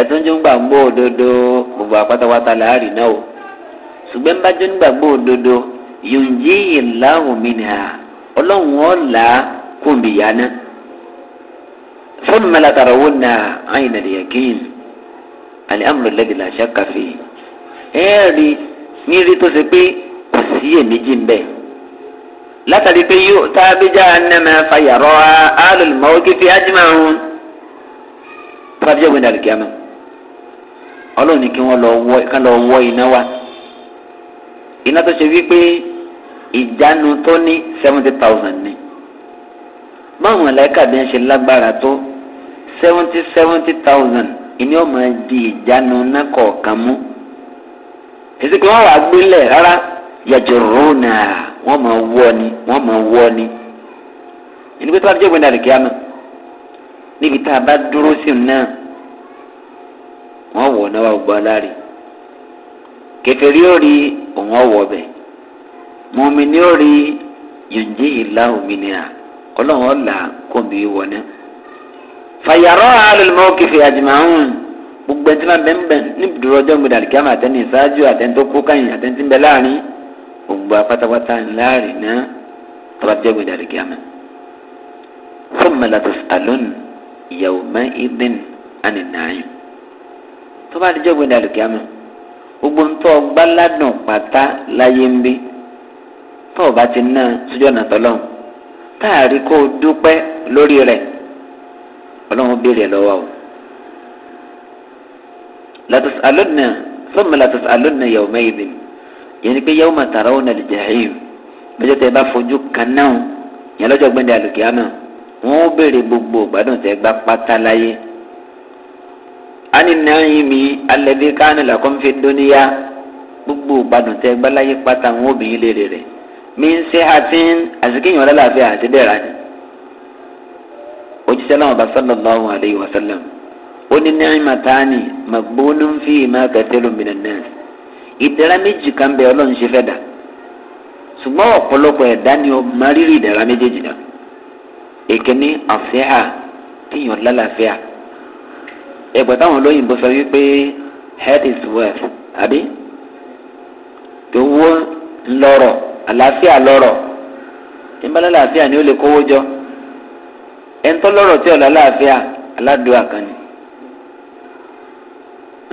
ẹ̀tún jẹ́ ńgbà ń bọ̀ òdodo gbogbo àpátáwátá làárìn náà o ṣùgbọ́n bá ńgbà gbọ́ òdodo yòǹjì ìlà òmìnira ọlọ́run ọ̀la kò ثم لترون عين اليقين الامر الذي لا شك فيه ẹ̀rí ní rí tó ṣe pé kò sí èméjì ń bẹ̀ látàrí pé yóò tá a bí já anamọ afayàrọ alùmọ̀ọ́ kékeré ajímọ̀ọ́rùn tó bá bí jẹ́wọ́n dàrí kíámà ọlọ́run ní kí wọ́n lọ wọ́ iná wa iná tó ṣe wípé ìjánu tó ní seventy thousand ni báwọn ẹ̀ka bí wọ́n ṣe lágbára tó seventy seventy thousand ìní ọmọ di ìjánu náà kọ̀ọ̀kan mú èsì pé wọ́n wàá gbélẹ̀ rárá yàjọ̀rọ̀ náà wọ́n máa wọ́ ni wọ́n máa wọ́ ni ẹni pé tó bá dé ìgbẹ́ni àdìgẹ́ àmọ́ níbi tá a bá dúró sí i náà wọ́n wọ̀ náà wà gbọ́ láre kékeré ó rí òun ọ̀wọ́ bẹ̀ mọ̀mí ni ó rí yòǹjẹ́ ìlà òmìnira ọlọ́run ọ̀la kò bí wọ̀ náà fàyàrọ́ àlùmọ́ kìfì àjùmáhùn gbogbo ẹni tí máa bẹ́ẹ̀nbẹ́ẹ̀ níbi dúró ọjọ́ gbọdọ̀ àlìkámà àtẹni ìṣáájú àtẹni tó kó káyìn àtẹni tí ń bẹ láàrin gbogbo apátápátá láàrin náà tọ́ba jẹ́ gbọdọ̀ àlìkámà. fún malatus alon ìyàwó mẹ́ idin àni nàáyìn tọ́ba àdìjọ́ gbọdọ̀ àlìkámà gbogbo ń tọ́ pátá láyé ń bí tọ́ọ̀bá ti ná sójú ọ̀nà tọ́lọ́ táàrí kó dúpẹ́ lórí rẹ̀ ọlọ́run béèrè lọ́wọ́ o latus alonna sọmọ latus alonna yahoo mẹyìdìn yẹn ni pé yahoo matara ọ̀nà lìjàhìm lọ́jọ́ tẹ bá fojú kan náà yẹn lọ́jọ́ gbẹ́ndẹ̀ àlùkìyàmọ̀ wọn ó béèrè gbogbo ìgbádùn tẹ gbá pátá láyé ani nàáyí mi alẹ́bí kánú làkọ́n fi dóníyá gbogbo ìgbádùn tẹ gbá láyé pátá wọn ó bìyín léèrè rẹ̀ mi ń ṣe àti àsìkéyìn ọ̀rẹ́ làfẹ́ àti bẹ́ẹ̀ rà òjíṣẹ́ náà bá sallallahu alayhi wa sallam ó ní ni'matani maqbulun fihima kathirun minan nas ìdára méjì kan bẹ ọlọ́run ṣe fẹ́ dà ṣùgbọ́n ọ̀pọ̀lọpọ̀ ẹ̀dá ni ó máa rírì ìdára méjèèjì náà èkíní àfíà tíyàn lálàáfíà ẹgbẹ́ táwọn olóyìnbó sọ wípé health is wealth àbí owó ńlọ́rọ̀ àlàáfíà lọ́rọ̀ ìmọ̀lálàáfíà ni ó lè kówó jọ ẹ̀ńtọ́ lọ́rọ̀ tí ọ̀la láàfíà aládùúgbò kan ni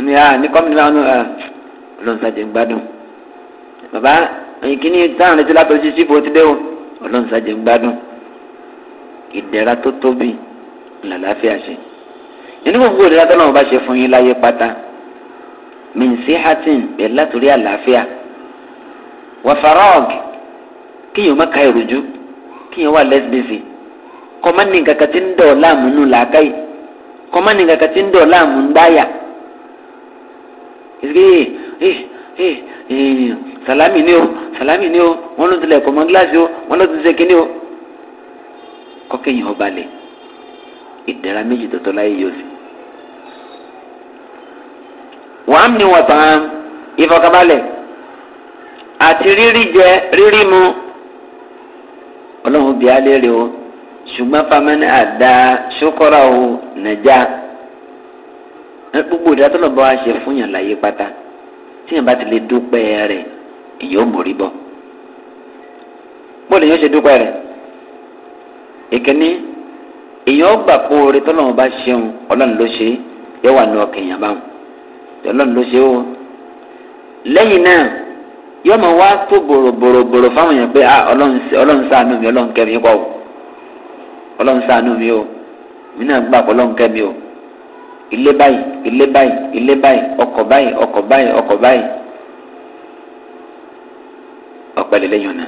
ní a ah, ní kọ́mìnì náà ní ah, ọlọ́nsàjẹ̀ gbádùn bàbá ẹ̀yìn kìíní táwọn retí látọ̀ sí sífò ti dẹ́wọ̀ ọlọ́nsàjẹ̀ gbádùn ìdẹ̀ra tó tóbi ńlá láàfíà ṣe nínú gbogbo ìdẹ̀ra tó lọ́wọ́ bá ṣe fún yín láyé pátá mìǹsí hatin bẹ̀rẹ̀ látòrí àlàáfíà wàfàrọ́ọ̀gì kíyàn má ka ìrújú kíyàn wà lẹ́sbẹ̀sì kọ́mánì kankan ti ń dọ̀ láàmú nù làákàyè kọ́mánì kankan ti ń dọ̀ láàmú ń dáyà ìrírí ẹ̀ ẹ̀ ẹ̀ sàlámì ni o sàlámì ni o wọ́n ló tilẹ̀ kọ́mọ́ gíláàsì o wọ́n ló ti ṣe o kọ́kẹ́yìn ọba lẹ̀ ìdára méjì tọ́tọ́ láyé yóò sí. wàá mi wọ̀ tán ìfọkàbalẹ̀ àti rírí jẹ rírí mu ọlọ́run bíi alẹ́ rẹ o ṣùgbọ́n famani àdá ṣokọ́ra o nàjà gbogbo ìdátọ́lọ̀ bá wa ṣe fún yàn láyé pátá tí yàn bá ti lè dúpẹ́ rẹ̀ èyí ò mórí bọ́ bóòlù yóò ṣe dúpẹ́ rẹ̀ ìkíní èyí gbà pé orí tọ́lọ̀ wọn bá ṣeun ọlọ́run ló ṣe yóò wà ní ọkàn yàn báwọn ọlọ́run ló ṣe o lẹ́yìn náà yóò máa wá tó bòròbòròbòrò fáwọn yàn pé ah, ọlọ́run sáà mi ọlọ́run kẹ́mi kọ́ o ọlọ́run sànú mi o mi náà gbà pọ̀ ọlọ́run kẹ́mi o ilé báyìí ilé báyìí ilé báyìí ọkọ̀ báyìí ọkọ̀ báyìí ọkọ̀ báyìí ọ̀pẹ̀lẹ̀ lẹ́yìn ọ̀nà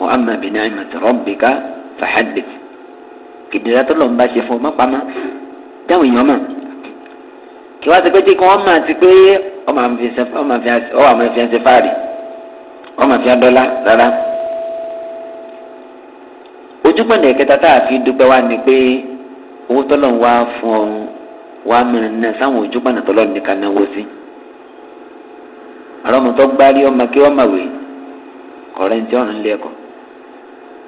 wọ́n á máa bìnrin àìmọ̀ tọ̀rọ̀ bì ká fàhádìt kìdìrà tó lọ́n bá ṣe fún ọ mọ́pamọ́ dáhùn èèyàn mọ̀ kí wọ́n ti pé kí wọ́n máa ti pé ọmọ àfi ẹsẹ̀ fáàrì ọmọ àfi adọ́lá rárá ojúpọ̀nà ìkẹta tá a fi dúpẹ́ wá ni pé owó tọ́lọ̀ ń wá fún ọ wá mìíràn náà sáwọn ojúpọ̀nà tọ́lọ̀ nìkan náà wó sí. àrọ́mọ tó gbárí ọmọ kí wọ́n màwé kọ̀rẹ́ntì ọ̀run lé ẹ̀kọ́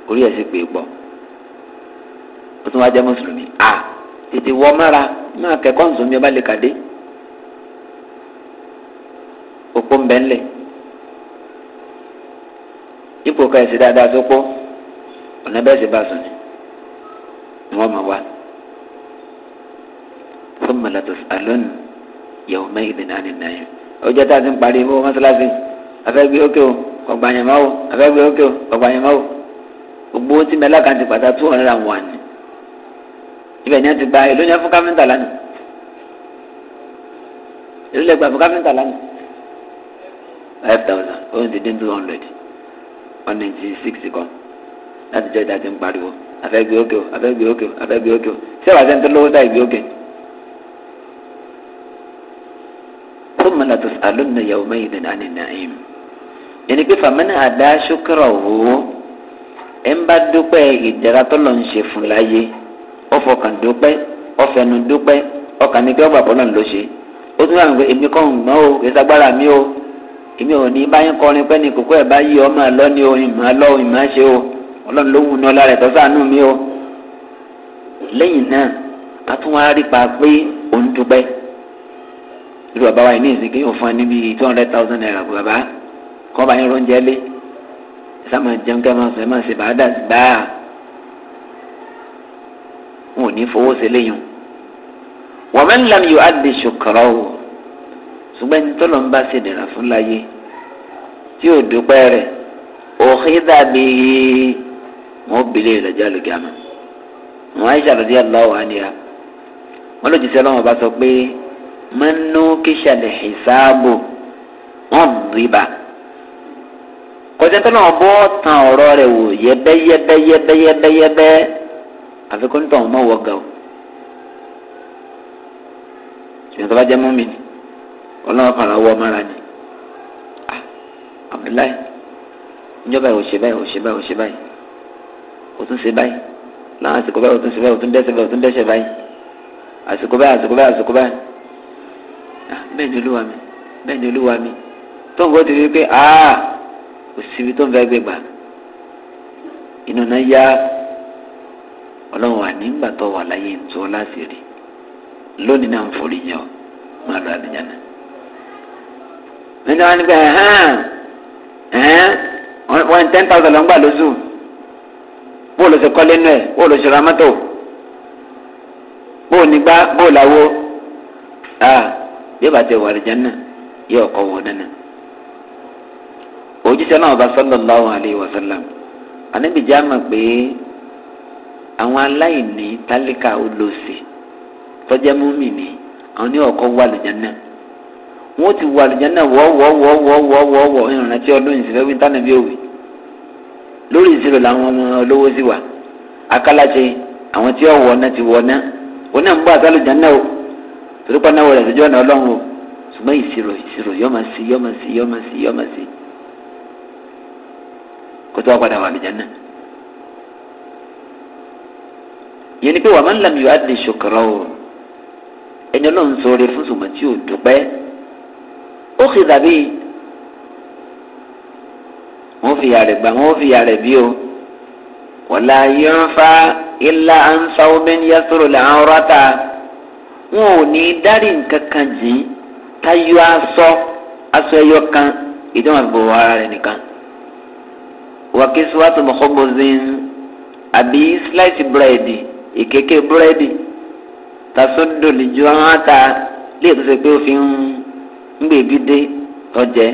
orí ẹ̀ sì pé pọ̀ ó tún wá jẹ́ mùsùlùmí à tètè wọ mára náà kẹ́kọ̀ọ́ nzọ́ ọba lè kàdé òpó ń bẹ́ńlẹ̀ ipò kẹsì dáadáa tó pọ̀ ọ̀nà bẹ́ẹ̀ sì bá sùn ni ni wọ́n máa wá. fún mọ̀lẹ́tọ̀ alónì yẹ̀wò mẹ́yìndì náà nìyẹn yẹn. ọjọ́ tá a ti ń parí owó mọ́sálásí afẹ́ gbé ókè o ọgbà yẹn máa wò afẹ́ gbé ókè o ọgbà yẹn máa wò. gbogbo tí mẹ́lá kan ti pàtà two hundred and one. ibẹ̀ ni a ti gba ìlú yẹn fún káfíńtà lánàá. ìlú lẹ́gbàá fún káfíńtà lánàá. five thousand ó ń ti dín two hundred one ninety six kan láti jẹ́ ìdájọ́ ń pariwo afẹ́gbé òkè o afẹ́gbé òkè o afẹ́gbé òkè o ṣé wàá sẹ́ni tó lówó dá ìgbé òkè. fún mi lọ́tọ̀ sàlùm ní yàwó mẹ́yìn dín ní nàìm ẹni pé fàmínà àdá ṣúkúrọ̀ wò ó ẹ ń bá dúpẹ́ ìjẹ́ra tó lọ́n ṣe fún láyé ó fọkàn dúpẹ́ ó fẹnu dúpẹ́ ọkàn ní kí ọgbà bọ́lọ̀ ló ṣe ó tún wà èmi kọ́ ń gbọ́n o ìsagbára mi o èmi ò ní báyìí kọrin pẹ́ ní kókó ẹ̀ báyìí ọmọ àlọ́ ni o ìmọ̀ àlọ́ ìmọ̀ àṣẹ o ọlọ́run ló wù ní ọlá rẹ̀ tọ́sánú mi o lẹ́yìn náà a tún wáá rí pa pé òun dúpẹ́ irú bàbá wa yìí ní ìsìnkú yóò fún ẹ níbi two hundred thousand naira kù bàbá kọ́ bá yín oúnjẹ lé sáà máa jẹun kẹ́ máa sọ ẹ máa ṣe bàádà gbà á wọn ò ní fowó ṣe léyìn wọ́n mẹ́rin lẹ́nu yóò á ṣòkòrò o ṣùgbọ́n ẹni tó lọ bá ṣe dìrà fún láyé tí ò dúpẹ́ rẹ̀ òkè dàbí wọn ó bilé ìlẹjọ àlùgàmà wọn àyíṣà lọdí aláwọ àníyà wọn lòdì sí ọlọrun ọba sọ pé mọnú kíṣàlẹ ìsáàbò wọn rìbà kọjá tó náà bọ́ tan ọ̀rọ̀ rẹ̀ wò yẹbẹyẹbẹyẹbẹyẹbẹ àfikún tó àwọn ọmọ wọ gàù ṣùgbọ́n tó bá jẹ́ mọ́mí ni ọlọ́run fara wọ ọmọ ara ni ah, abdullahi níjọba ìwòsè báyìí ìwòsè báyìí ìwòsè báyìí ó tún ṣe báyìí láwọn àsìkò báyìí ó tún ṣe báyìí ó tún dẹ́sẹ̀ báyìí ó tún dẹ́sẹ̀ báyìí àsìkò báyìí àsìkò báyìí àsìkò báyìí ah, bẹ́ẹ̀ ni olúwa mi bẹ́ẹ̀ ni olúwa mi tó ń gbọ́ ti rí pé aa kò síbi tó ń fẹ́ gbé gbà inú náà yá ọlọ́run wà nígbà tó wà láyé ntọ́ láti rí lónìí náà ń forí yẹn o máa lọ àdìyàn náà nínú wọn ni bẹ́ẹ̀ hàn ẹ́ one ten thousand lọ́ngbà lóṣù bóòlù ṣe kọ́lé nù ẹ̀ bóòlù ṣe ra mọ́tò bóòlù nígbà bóòlù àwo bí bàtẹ wà lẹ́jẹ̀ náà yẹ ọkọ̀ wọ̀ nínú. òjíṣẹ́ náà bá sọ́lọ́láhùn aleyhi wa sálàm ànábìjá mọ̀ pé àwọn aláìní tálíkà olóòsì tọ́jà múmi ni àwọn ní ọkọ̀ wà lẹ́jẹ̀ náà wọ́n ti wà lẹ́jẹ̀ náà wọ́ọ́wọ́ọ́wọ́ọ́wọ́ọ́wọ́ ìrìnàjò ọlọ́yìn sí fẹ́ wí tánàbí òwe lórí ìṣirò làwọn ọmọ olówó sì wà akálàṣe àwọn tí ọ̀wọ́ náà ti wọ̀ náà wọn náà ń bọ́ àtàlùjá náà o torípa náà wọlé àtijọ́ náà ọlọ́run o ṣùgbọ́n ìṣirò ìṣirò yọ́mọ sí yọ́mọ sí yọ́mọ sí yọ́mọ sí kó tó wá padà wà àlùjá yẹn ni pé wàá máa ń lam yóò di ṣòkòrò o ẹni ọlọ́run sọ fún ṣùgbọ́n ò dùpẹ́ ó kì í dàbí wọn fi yàrá gbà wọn fi yàrá bí o wọlá yọnfa ilà ansáwó mẹniyà sọrọ làwọn rọta wọn ò ní dárí nǹkan kan jìn táyọ asọ asọ ẹyọ kan ìdánwò àbúrò ara rẹ nìkan wakisiwatu mɔkɔbɔzin àbí slice búrẹ́dì ìkéke búrẹ́dì tasodolijuata lè tó ṣe pé òfin ń gbèbí dé ọjẹ́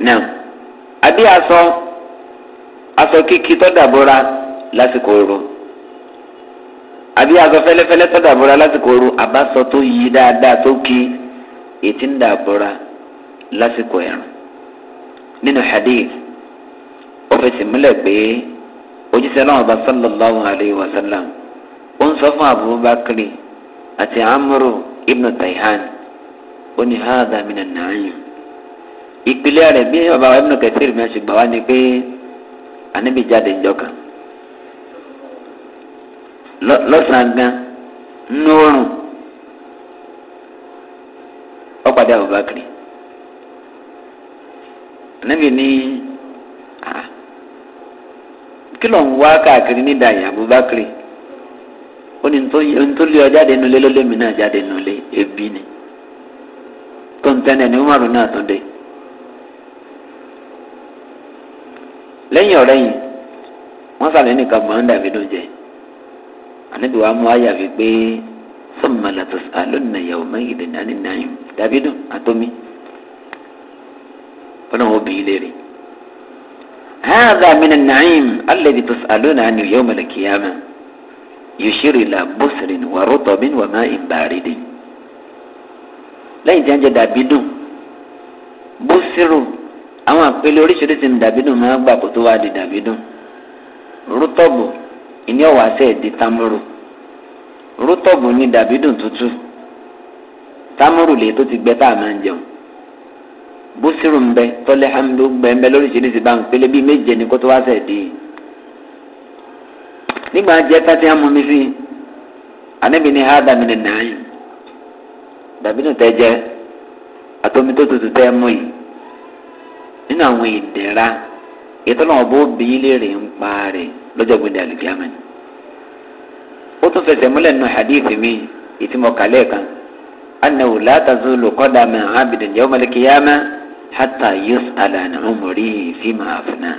náà àbí aṣọ aṣọ kíkí tó dàbora lásìkò ooru àbí aṣọ fẹlẹfẹlẹ tó dàbora lásìkò ooru àbáṣọ tó yí dáadáa tó kí ètí ń dàbora lásìkò ẹ̀rùn nínú hadith ó fẹsẹ̀ múlẹ̀ pé ojúṣe aláwọ̀ bá sallallahu alayhi wa sallam ó ń sọ fún abubakar àti amuru ibnu taihan ó ní hàdà ìpìlẹ̀ rẹ̀ bí ọba wa ẹ̀mínú kẹsìrì mi ṣùgbọ́n wá ni pé àníbi jáde ìjọkan lọ́sàn-án gan nínú oorun ọ̀pàdé àbúbákiri àníbi ní kí ló ń wá káàkiri ní dàyìn àbúbákiri ó ní tó lé ọ jáde nulẹ̀ ló lé mi náà jáde nulẹ̀ ebi ni tó ń tẹ́lẹ̀ ní umaru náà tó dé. lẹ́yìn ọ̀rẹ́ yìí wọ́n sàlẹ̀ nìkan mọ̀ ń dàbí lóúnjẹ ànábì wa mú àyà fi pé sọ́mọ làtọ̀ àlọ́nà ìyàwó mẹ́yìndé nání náyìn dàbí dùn àtọ́mí ọ̀nà òbí léèrè. هذا من النعيم الذي تسألون عنه يوم القيامة يشير إلى بصر ورطب وماء بارد lẹ́yìn tí wọ́n jẹ́ dàbí dùn bó àwọn àpèlè oríṣiríṣi ní dàbídù máa gbà kó tó wá di dàbídù rútọ́bù ìní ọ̀wáṣẹ́ di támúrù rútọ́bù ní dàbídù tútù támúrù lè tó ti gbẹ tá a máa ń jẹun búsírù ń bẹ tọ́lẹ̀ hàmdù gbẹ ń bẹ lóríṣiríṣi bá ń pèlè bíi méje ní kó tó wáṣẹ́ di. nígbà jẹ́ tàbí amúmi sí anábì ní hádà mi nì nàáyìn dàbídù tẹ́ jẹ́ àtomi tó tutù tẹ́ mú yìí nínú àwọn ìdẹ̀ra ìtọ́lọ́wọ́n bó bí ilé rẹ̀ ń pa rẹ̀ lọ́jọ́ gbẹ̀dẹ̀ àlùkìyàmẹ́ ni. ó tún fẹsẹ̀ múlẹ̀ nù hadith mi ìtìmọ̀ kàlẹ́ kan anáwó látàzó lùkọ́dà mi àbìdàn yẹ́wò mẹ́lẹ́kìyàmẹ́ hàtà yus alàna ọmọrí fíìmù àfúnà.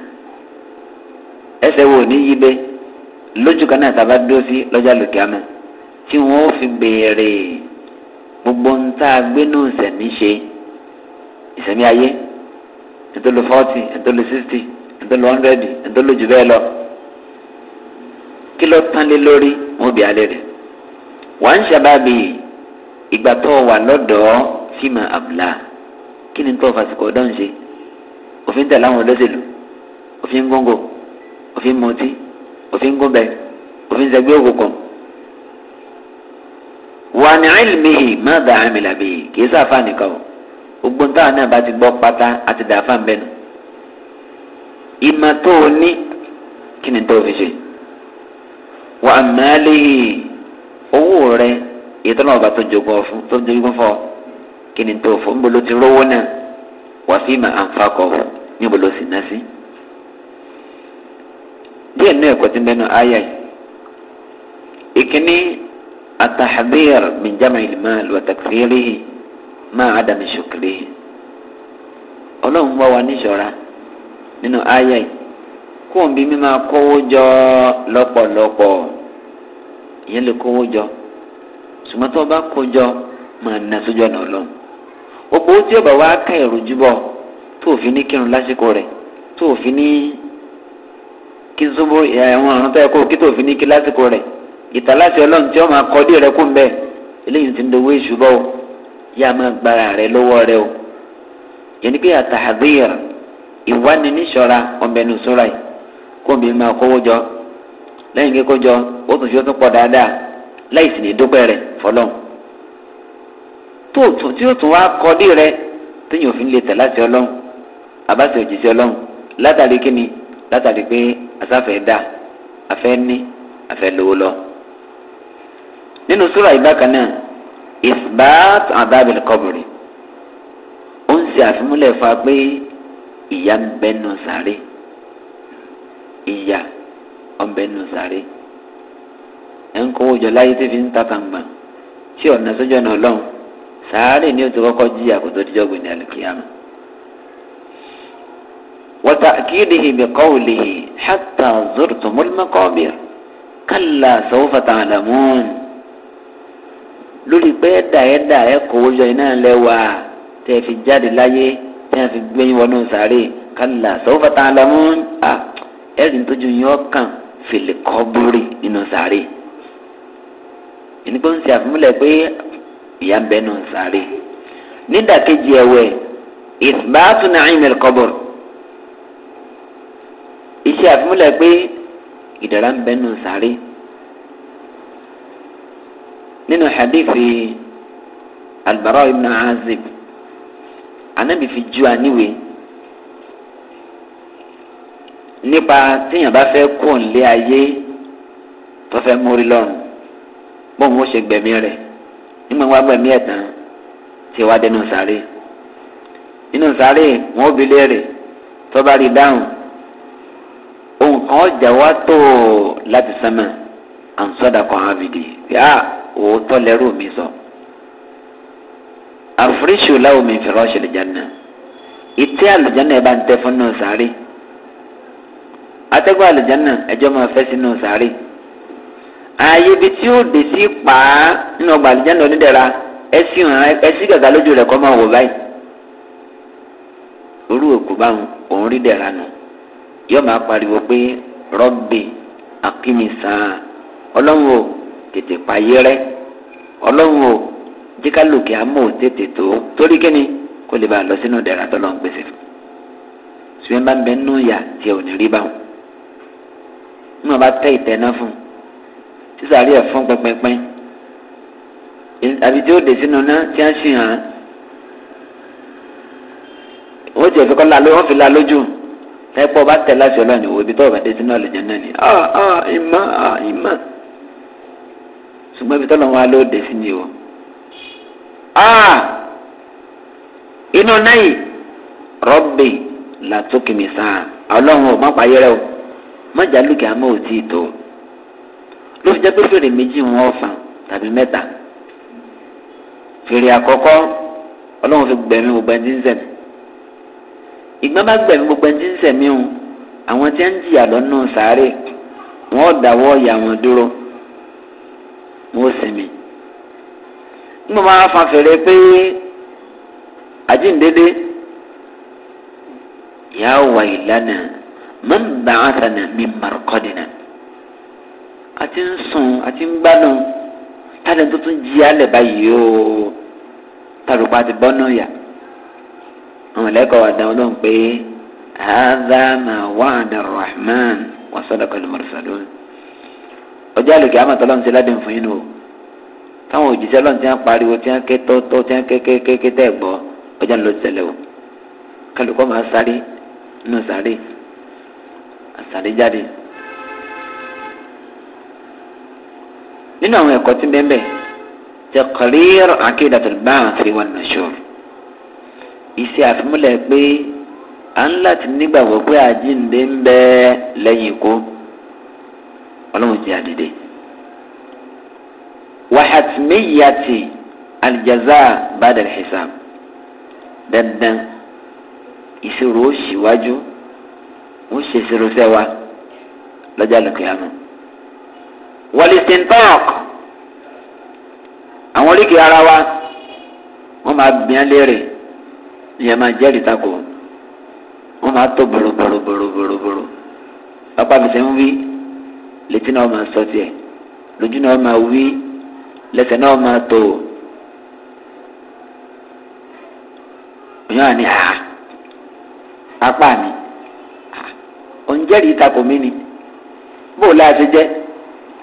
ẹsẹ̀ wo ní yí bẹ́ẹ̀ lójú kan náà tàbá dúró sí lọ́jọ́ àlùkìyàmẹ́ tí wọ́n fi béèrè gbogbo ń tá a gbénú ìsẹ̀mí ṣe ìsẹ̀mí ayé ètò lu forty ètò lu sixty ètò lu hundred ètò lu jù bẹ́ẹ̀ lọ kí ló tán lé lórí wọn bí alẹ́ rẹ̀ wàá ń ṣàbábì ìgbà tó wà lọ́dọ̀ọ́ fíìmù àbúlà kí ni tó fàṣikọ ọ̀dọ́ ń ṣe òfin tẹ̀lé àwọn olóṣèlú òfin góńgò òfin mọtí òfin gómẹ òfin sẹgbẹ́ òkùnkùn wà ní àìlèmíhì má dàá mi làbí kì í sáfà nìkan o gbogbo táwọn náà bá ti gbọ́ pátá àti dàáfà ń bẹ̀nu ìmọ̀ tó o ní kí ni tó o fi ṣe wà á mẹ́lẹ́ owó rẹ èyí tó náà bá tó jogún fún tó jogún fún ọ kí ni tó o fún níbo ló ti rówó náà wà fi mà ànfà kọ níbo ló sì ná sí. díẹ̀ náà ẹ̀kọ́ ti bẹ́nu ayé ìkíní àtàhàbíyàr mìjàmà ìlmà lọ́tàkìrìhì. máa ádámì ṣòkèrè ọlọ́run bá wa níṣọ́ra nínú ayé kó o bí mi máa kówó jọ lọ́pọ̀lọpọ̀ ìyẹn lè kówó jọ jọ máa nà sójú ọ̀nà ọlọ́run gbogbo tí o bá wá ká ìrújú bọ̀ tó o fi ní kírun lásìkò rẹ̀ tó zobo àrùn tó yẹ kó o kí tó o fi ní kí lásìkò rẹ̀ ìtàláṣẹ ọlọ́run tí máa kọ́ dé yá máa gbára rẹ lọ́wọ́ rẹ o yẹnni pé àtàdéyà ìwádìí níṣọ́ra ọ̀bẹ̀nu sọ́ra yìí kó mi máa kówó jọ lẹ́yìn kíkó jọ ó tún fi ó tún pọ̀ dáadáa láì sì ní dúpẹ́ rẹ̀ fọlọ́n tó tún tí ó tún wá kọ́dí rẹ téèyàn òfin lè tẹ̀ láti ọlọ́run àbáṣe òjìṣẹ́ ọlọ́run látàrí kíni látàrí pé àsáfẹ́ dà afẹ́ ní afẹ́ lówó lọ. nínú sùúrà ìbákan náà ìsìbáàtì àdábìlì kọ́bìrì ó ń ṣe àfimúlẹ̀ fa pé ìyá ń bẹ́nu sáré ìyá ń bẹ́nu sáré ẹ̀ ń kówó jọ láyé tí fi ń tàtàǹgbà tí ọ̀nà sójú ọ̀nà ọlọ́run sáré ni ó ti kọ́kọ́ jí àkótó díjọ́ gbìn ní alùpùpù وتأكيده بقوله حتى زرتم المقابر كلا سوف تعلمون lórí pé ẹ̀dà ẹ̀dà ẹ̀kọ́ owó yọ iná lẹ́wà tẹ̀ fi jáde láyé tẹ̀ fi gbẹ̀yìn wọnú sàárè kálá sọ́wọ́fà tá a lọ mú à ẹ̀rìn tójú yín ọ̀kan fèlè kọ́ búrì nínú sàárè ìníkó ń ṣe àfimúlẹ̀ pé ìyá ń bẹ́ nù sàárè nídàkejì ẹ̀wẹ̀ ìsbáàtú náà ń kọ́bọ̀ iṣẹ́ àfimúlẹ̀ pé ìdára ń bẹ́ nù sàárè nínú hadithi albara ibn azib anabi fi ju aniwe nípa tíyàn bá fẹ́ kó nlé ayé tó fẹ́ mórí lọ́rùn bóun ó ṣe gbẹ̀mí rẹ̀ nígbà wá gbẹ̀mí ẹ̀ tán tí wàá dẹnu sáré nínú sáré wọn ó bi léèrè tó ohun kan ọjà wá tó láti sánmà à ń sọ́dà kan ábìdì òótọ́ lẹ́rù mi sọ. àforíṣù láwùmí fìrọ́ ṣèlèjánná ìtẹ́ àlùjánná ẹ bá ń tẹ́ fún náà sáré atẹ́gùn àlùjánná ẹjọ́ máa fẹ́ sínú sáré ààyè ibi tí ó dé sí pàá nínú ọgbà àlùjánná onídẹ̀ra ẹsìn hàn ẹsìn gàgà lójú rẹ̀ kọ́ máa wò báyìí orú òkú báwọn òun rí dẹ̀ra nù yóò máa pariwo pé rọ́bì akínísàn ọlọ́run o tètè payé rẹ ọlọ́run o jíkàlùkì àmọ́ ò tètè tó torí kíni kó lè bá a lọ sínú dẹ̀ra tó lọ ń gbèsè fún sùgbọ́n bá ń bẹ nínú ìyá tí ò ní rí báwọn ní wọn bá tẹ ìtẹ́ náà fún sísàárì ẹ̀ fún pẹ́pẹ́pẹ́ àbí tí ó dé sínú náà tí a ń ṣì hàn wọ́n ti ẹ̀fẹ́ kọ́ la lójú wọ́n fi la lójú ẹ̀pọ̀ bá tẹ̀ láti ọlọ́ọ̀ni wo ibi tó ọ̀bà dé sínú ọ̀lẹ́jẹ̀ náà ni ah ah ìmọ̀ ah ìmọ̀ ṣùgbọ́n ibi tọ́lọ̀ wọn á ló dé sí ni o. Ah! inú náyì rọ́bì làtúkìmí sáà ọlọ́run ò má payẹ́rẹ́ o má jálùkì àmọ́ ò tíì tó ló fi jẹ́ pé fèrè méjì wọn ọ̀fà tàbí mẹ́ta fèrè àkọ́kọ́ ọlọ́run fi gbẹ̀mí gbogbo ẹni ń sẹ̀mí ìgbà bá gbẹ̀mí gbogbo ẹni ń sẹ̀mí o àwọn tí wọ́n ń jìyà lọ́nà sáré wọ́n dàwọ́ ọ̀yà wọn dúró wọn sinmi nígbà máa fa fèrè pé àjíǹdédé yà wà ìlànà mọ̀ ń bá a sànà mi màrúkọ́dínà àti ń sùn àti ń gbádùn tani tó tún jí alẹ̀ báyìí o tàrúkọ àti bọ́nú yà àwọn ẹlẹ́kọ̀ọ́ wa dáwọn lóhùn pé hàdá mà wàhánà rahman wàsódàkọ̀ lùmọ̀rẹ́sàdùn ọjọ́ àlùkè àmọ̀ tọ́lọ́mù sí ládùn fún yín o táwọn òjíṣẹ́ ọlọ́run ti ń pariwo ti ń ké tọ́tọ́ ti ń ké kékeré tẹ́ gbọ́ ọjọ́ ló ṣẹlẹ̀ o kálukọ́ máa sáré nínú sáré àsáré jáde. nínú àwọn ẹ̀kọ́ tí bẹ́ẹ̀ bẹ́ẹ̀ tẹ̀kọ̀rìr akéèdàtàl báàfin wà nàṣọ́ iṣẹ́ àfimúlẹ̀ pé à ń láti nígbàgbọ́ pé àjíǹde ń bẹ lẹ́yìn ikú ọlọ́run ti àdìde. wàhátìmíyàtì alìjàzá bàdàl hisab dandan ìṣòro ó ṣíwájú ó ṣe ìṣòro sẹ́wà lọ́jà lùkìyàmù. wàlìsìntọ́ọ̀kì àwọn oríkèé ara wa wọ́n máa gbìyàn léèrè ìyẹn máa jẹ́rìí tako wọ́n máa tó bòròbòròbòròbòrò pápá mi sẹ́ ń wí létí náà máa sọ tiẹ̀ lójú náà máa wí lẹ́sẹ̀ náà máa tó òyìnbó àní àá apá mi òǹjẹ́rìí takò mí ni bó la ṣe jẹ́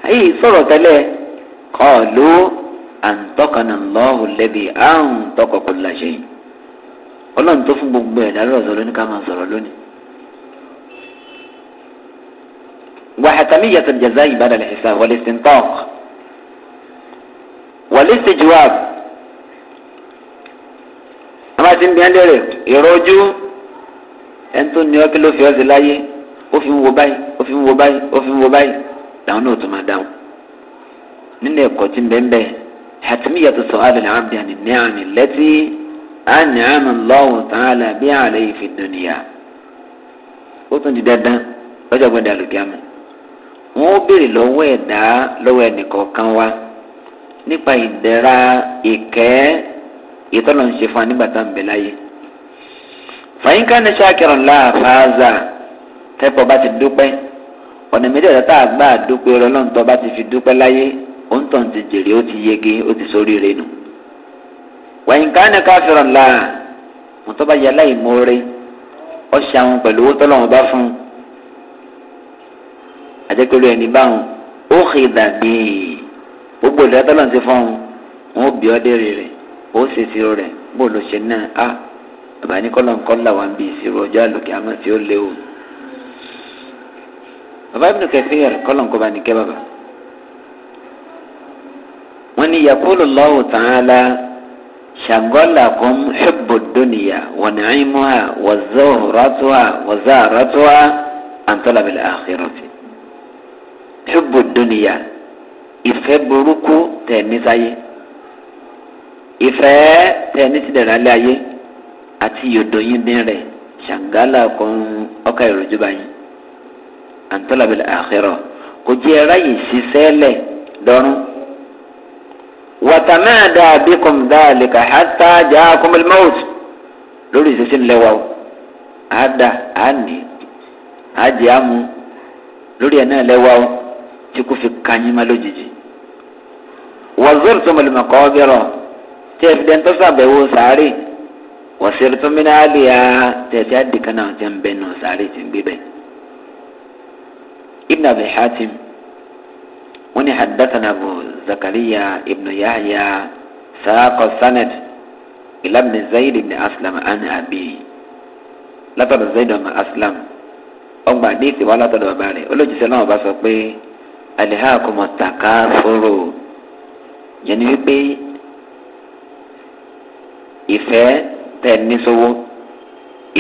ayé sọ̀rọ̀ tẹ́lẹ̀ kọ́ ló àǹtọ́kànnà lọ́hùn lẹ́bi àǹtọ́kọ̀kọ̀ làṣẹ yìí ọlọ́run tó fún gbogbo ẹ̀dá lọ́sọ̀rọ̀ ní ká máa sọ̀rọ̀ lónìí. وحتمية الجزاء بعد الحساب والاستنطاق والاستجواب àwọn àti nbíyàn lérè ìrọ́jú ẹni tó ní ọkẹ́ ló fi ọ́sẹ̀ láyé ó fi ń wo báyìí ó fi ń wo báyìí ó fi ń wo báyìí làwọn náà tó máa dáhùn nínú ẹ̀kọ́ tí ń bẹ́ẹ̀ bẹ́ẹ̀ hàtìmíyà tó sọ àdùn àwọn àbíyàn ní àmì lẹ́tí àní àmì lọ́wọ́ tán àlà bí àlẹ́ yìí fi dùn nìyà ó tún di dandan lọ́jọ́ gbọ́dọ̀ àlùkí àmọ́ wọn ó béèrè lọ́wọ́ ẹ̀dá lọ́wọ́ ẹnìkọ̀ọ̀kan wa nípa ìdẹ́ra ìkẹ́ ìtọ́nà ń ṣe fún wa nígbà tá à ń bẹ̀ láyé. fàyínká ní sàkìrọ̀ láàfáàzà tẹ́pọ̀ bá ti dúpẹ́ ọ̀nà méjìlá tá a gbà dúpẹ́ ọlọ́run tó bá ti fi dúpẹ́ láyé òǹtọ̀n ti jèrè ó ti yege ó ti sórí rẹ̀ nù. wàyínká ní káfíọ̀rọ̀ láà mọ̀tọ́ bá yẹ aláìmoore ọ̀ṣẹ̀ àwọn pẹ̀lú owó tọ́lọ́run bá fún un àjẹpẹ̀lú ẹni báwọn ó xì dàbí gbogbo ìdá tó lọ́n ti fọ́n wọn ó bí ọ́ dé rẹ̀ ó ṣe sí rẹ̀ bó ló ṣe náà á bàbá ní kọ́lọ̀ ńkọ́ làwọn bí ìṣirò ọjọ́ àlòkè àmọ́ tí ó léwu. bàbá ibùdó kẹfì rẹ̀ kọ́lọ̀ ńkọ́ bá ní kẹ́ bàbá. wọ́n ní yakulu lọ́wọ́ tàn án la ṣàgọ́là kún ṣùgbọ́ dóníyà wọ́n ní àyìnmọ́ wa zọ́ọ̀rọ̀tọ́ wa zàrọ̀tọ́ wa àǹtọ́làbẹ̀lẹ̀ àkérọ̀tì hubbu duniya ìfẹ́ burúkú tẹ̀mí sáyé ìfẹ́ tẹ̀mí ti dẹ̀rẹ̀ alẹ́ ayé àti yòdòyìn bí rẹ̀ ṣàǹgálà kan ọkà ìròjú báyìí àǹtọ́làbẹ̀lẹ̀ àxẹ́rọ̀ kò jẹ́ ráyè ṣiṣẹ́ lẹ̀ dọ́rùn. wàtàmẹ́ẹ̀dá bíkùn dáàlìkà hátà jà kọ́mọlmọ́t lórí ìṣesí ńlẹ́wà o àádà àání àjẹ́ àmú lórí ẹ̀ náà lẹ́wà o tí kò fi kanyima lójijì. wàzúrù tó mọ̀lẹ́mọ̀ kọ́ bẹ̀rọ̀ tí ẹ̀fídẹ́ tó sàbẹ̀wò sáré wàsílẹ̀ tó mìíràn àlìyá tẹ̀sí àdìkan náà tẹ̀ ń bẹ̀ nù sáré tì ń gbé bẹ̀. ibn abi hatim wọ́n ní hadathana abu zakariya ibn yahya saako sanad ilabni zayid ibn aslam an abi látọ̀dọ̀ zayid ibn aslam ọgbà àdéhìí wà látọ̀dọ̀ bàbá rẹ̀ olójúṣe náà bá sọ pé alihakumọ takafuru yẹn ni wípé ìfẹ́ tẹ̀ nísowó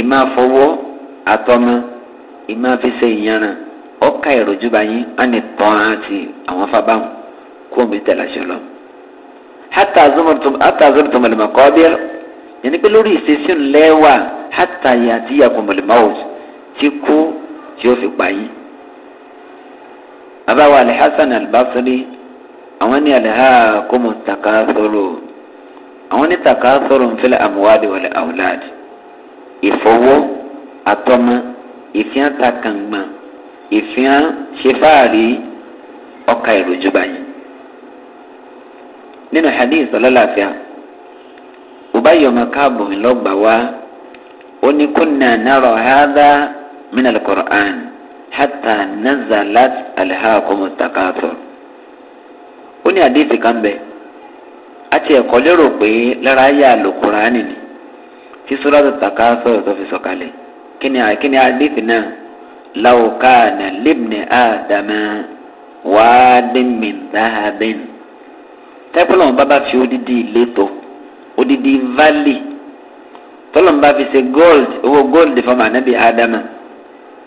ìmá fowó àtọ́mọ ìmá fi ṣe ìyanràn ọkà ìròjú bá yín á ní tán àti àwọn fábáwọn kó omi tẹ̀lé aṣọ lọ. hátà zọ́mọ̀ tó mọ̀lẹ́mọ̀ kọ́ bí ẹ pé lórí ìṣesí ńlẹ́wà hátà yàtí mọ̀lẹ́mọ̀ òjò tí kú tí ó fi pa yín abawo alhassan albasri àwọn ní alaha kumu takasoro àwọn ní takasoro nfẹlẹ amuwaadi wọlé awulaadi ìfowó atọmọ ìfihàn takàngbà ìfihàn ṣẹfàárì ọkà ìròjú báyìí nínú hadith ọlọ́láfíà ubayi ọmọ káàbọ̀ ńlọgbà wa ó ní kúnnà náírà ọ̀hádà hata nazalat alhaakumu takathur ó ní àdéhìí kan bẹ àti ẹ̀kọ́ lérò pé lára ayé àlòkùnrin ni tí sọ́dọ̀tò takathur tó fi sọ̀kalẹ̀ kíni kíni àdéhìí náà law kana libni adama wàádìí min dahabin tẹ́pọ̀lọ́ wọn bá bá fi odidi ìletò odidi valley tọ́lọ́ wọn bá fi ṣe gold owó gold fọmọ anabi adama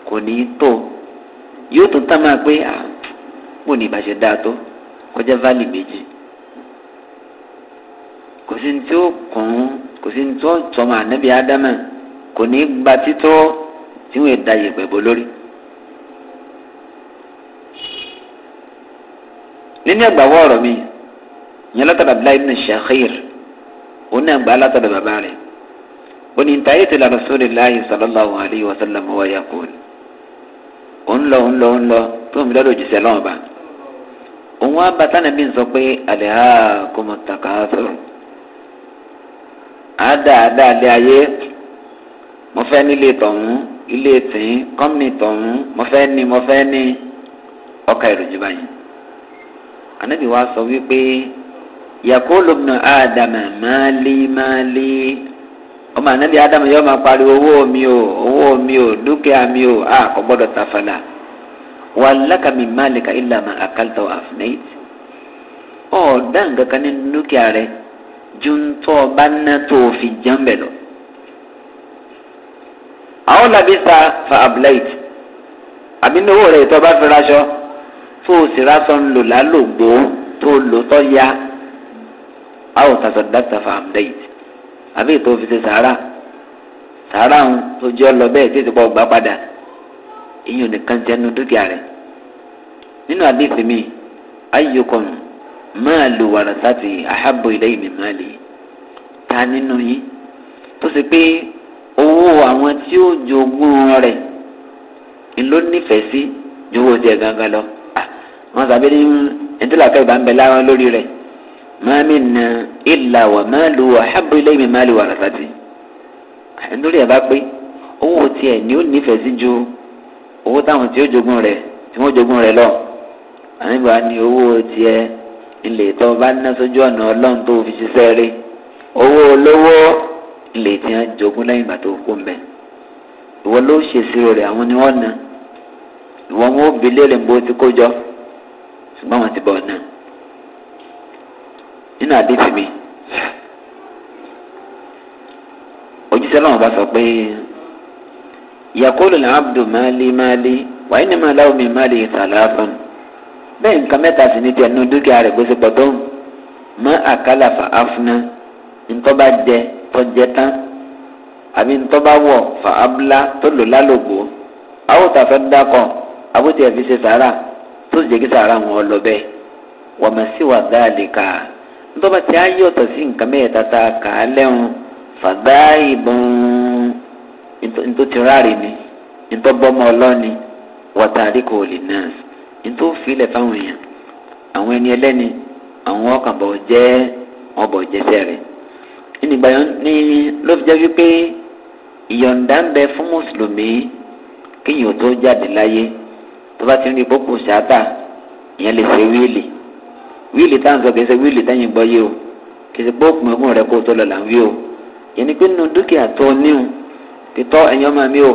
kò ní í tó yóò tún tá máa pé à mo ní ìbáṣe dáa tó kọjá válì méjì kò sí ní tí ó kàn án kò sí ní tí ó tọmọ ànábì ádámà kò ní gba títọ́ tí wọ́n da yẹ̀pẹ̀ bọ́ lórí. nínú ẹgbàáwọ̀ ọ̀rọ̀ mi ìyẹn látọ̀dọ̀ abdullahi ibn shakir oní àgbà látọ̀dọ̀ bàbá rẹ̀ oní ntàyẹ̀tì làrọ̀ sórí láàyè sàlọ́láhu alayhi wa sàlámù wa yà òun lọ òun lọ òun lọ tó ń lọ́dọ̀ jùsẹ̀ lọ́wọ́ bá òun á bàtà nàbí sọ pé àlẹ́hà kò mọ̀ tàkà sọ̀rọ̀ àádá àádá àdé ayé mo fẹ́ nílé tọ̀hún ilé tìǹ kọ́mìnì tọ̀hún mo fẹ́ ní mo fẹ́ ní ọkà ìròjú báyìí ànábì sọ wípé yàkó lómìnà àdàmà máàlí máàlí ọmọ anabi adamu yọọ máa pariwo owó mi o owó mi o dúkìá mi o a kò gbọdọ tafala wà lákàmì máàlìkà ìlànà àkàlùtà àfúnẹ́yìt ọ dáhùn kankan nínú dúkìá rẹ ju ń tọ́ ọba náà tó fi jẹun bẹ̀ lọ. àwọn làbí sa fa abúlẹ́yìt àbí ní owó rẹ ìtọ́ bá fi raṣọ tó o sì raṣọ ń lò lálògbó tó o lò tọ́ ya a ò tàṣọ dáta fa abúlẹ́yìt àbí ètò fi ṣe sàárà sàárà ń sojú ọ lọ bẹ́ẹ̀ tètè pọ̀ gbà padà ìyẹn ò nìkan jẹnu dúkìá rẹ̀ nínú àdéhùn mi ayọkọ̀n máa lo wàràsátì àhábọ̀ ilé ìmì máa lè ta nínú yín tó ṣe pé owó àwọn tí ó jogún rẹ̀ ló nífẹ̀ẹ́ sí ju owó tiẹ̀ gangan lọ wọn sàbẹ̀ ní ẹni tó ń bẹ láwọn lórí rẹ̀ máa mi na ìlà wà máa lu àhábò ilé mi máa lu àràfàtì lórí ẹ̀ bá pé owó tiẹ̀ ni ó nífẹ̀ẹ́ sí ju owó táwọn tí ó jogún rẹ̀ tí wọ́n jogún rẹ̀ lọ àníbà ni owó tiẹ̀ ilé tó bá ná sójú ọ̀nà ọlọ́run tó fi ṣiṣẹ́ rí owó olówó ilé tí wọ́n jogún lẹ́yìn ìgbà tó kú mbẹ́ ìwọ ló ṣe ìṣirò rẹ̀ àwọn ni wọ́n na ìwọ wọn ò bi léèrè bó ti kó jọ ṣùgbọ́n wọn ti bọ̀ náà nínú àdéhùn mi òjíṣẹ́ náà bá sọ pé yakolo na abdu maali maali wàá ní maala omi maali ìtàláfọn bẹ́ẹ̀ nǹkan mẹ́ta sì ní tiẹ̀ nínú dúkìá rẹ̀ gbèsè pọ̀ tóun mọ́ àkàlà fà áfúná ntọ́ba jẹ tọ́jẹ tán àbí ntọ́ba wọ̀ fà ábúlá tó lò lálògbò àwọn tàfẹ́ dákọ̀ àbótiẹ̀ fi ṣe sàárà tó sì jẹ́ kí sàárà wọn lọ bẹ́ẹ̀ wọ́n mọ̀ sí wàdá àlè káà ntọ́ba tí a yí ọ̀tọ̀ sí nǹkan mẹ́ẹ̀ẹ́ta tá a kà á fàdá ìbọn ntó ti ráre ni ntó bọ́mọ ọlọ́ni wàtàrí kò lè nọ́ọ̀sì ntó filẹ̀ fáwọn èèyàn àwọn ẹni ẹlẹ́ni àwọn ọkàn bọ̀ jẹ́ ọbọ̀ jẹsẹ̀ rẹ̀ ìnìgbàyọ̀ ní ló fi jẹ́ wípé ìyọ̀ǹda ń bẹ fún mùsùlùmí kéèyàn tó jáde láyé tó bá ti ń rí bókù sábà ìyẹn lè ṣe wíìlì wíìlì táwọn sọ kìí ṣe wíìlì táyìn gbọ́ yé o kìí ṣe bó kùn ẹ̀kún rẹ̀ kó tó lọ là ń wí o yẹn ni pé nínú dúkìá tó níhùn ti tọ́ ẹ̀yàn máa mi o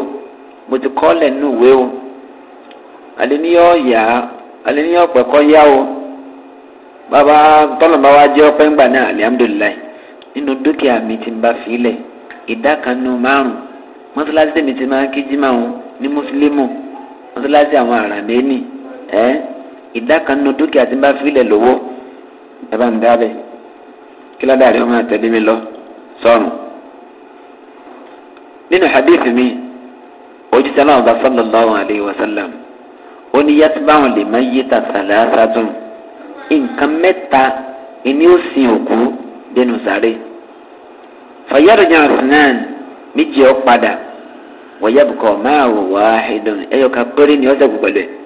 mo ti kọ́ lẹ̀ nínú ìwé o àléníyàn yá àléníyàn pẹ̀ kọ́ yá o bàbá tọ́lọ̀mọ́ wa jẹ́ ọpẹ́ ńgbà náà alihamudulilayi nínú dúkìá mi ti ń bá filẹ̀ ìdá kan nínú márùn mọ́tòláṣí tèmi ti máa ń kí jimá o ní mùsùlùmù mọ́tòláṣí àwọn àràmẹ́ni ẹ́ ìdá kan nínú dúkìá ti ń bá filẹ̀ lówó ẹ bá ń dábẹ́ kí ládàá rẹ̀ ọmọ àtẹ̀lé mi lọ sọ́run. nínú hadith mi ojúṣe aláwọ̀dá sallallahu alayhi wa sallam ó ní yàtúbáwọn lè má yí ta sàlàsà tún nǹkan mẹ́ta ìní ó sin òkú dénú sáré fàyàrìjà sinan méjì ó padà wọ́n yàbùkọ̀ máa wò wá ẹ̀dùn ẹ̀yọ̀ká péré ni ó sẹ́kù pẹ̀lú ẹ̀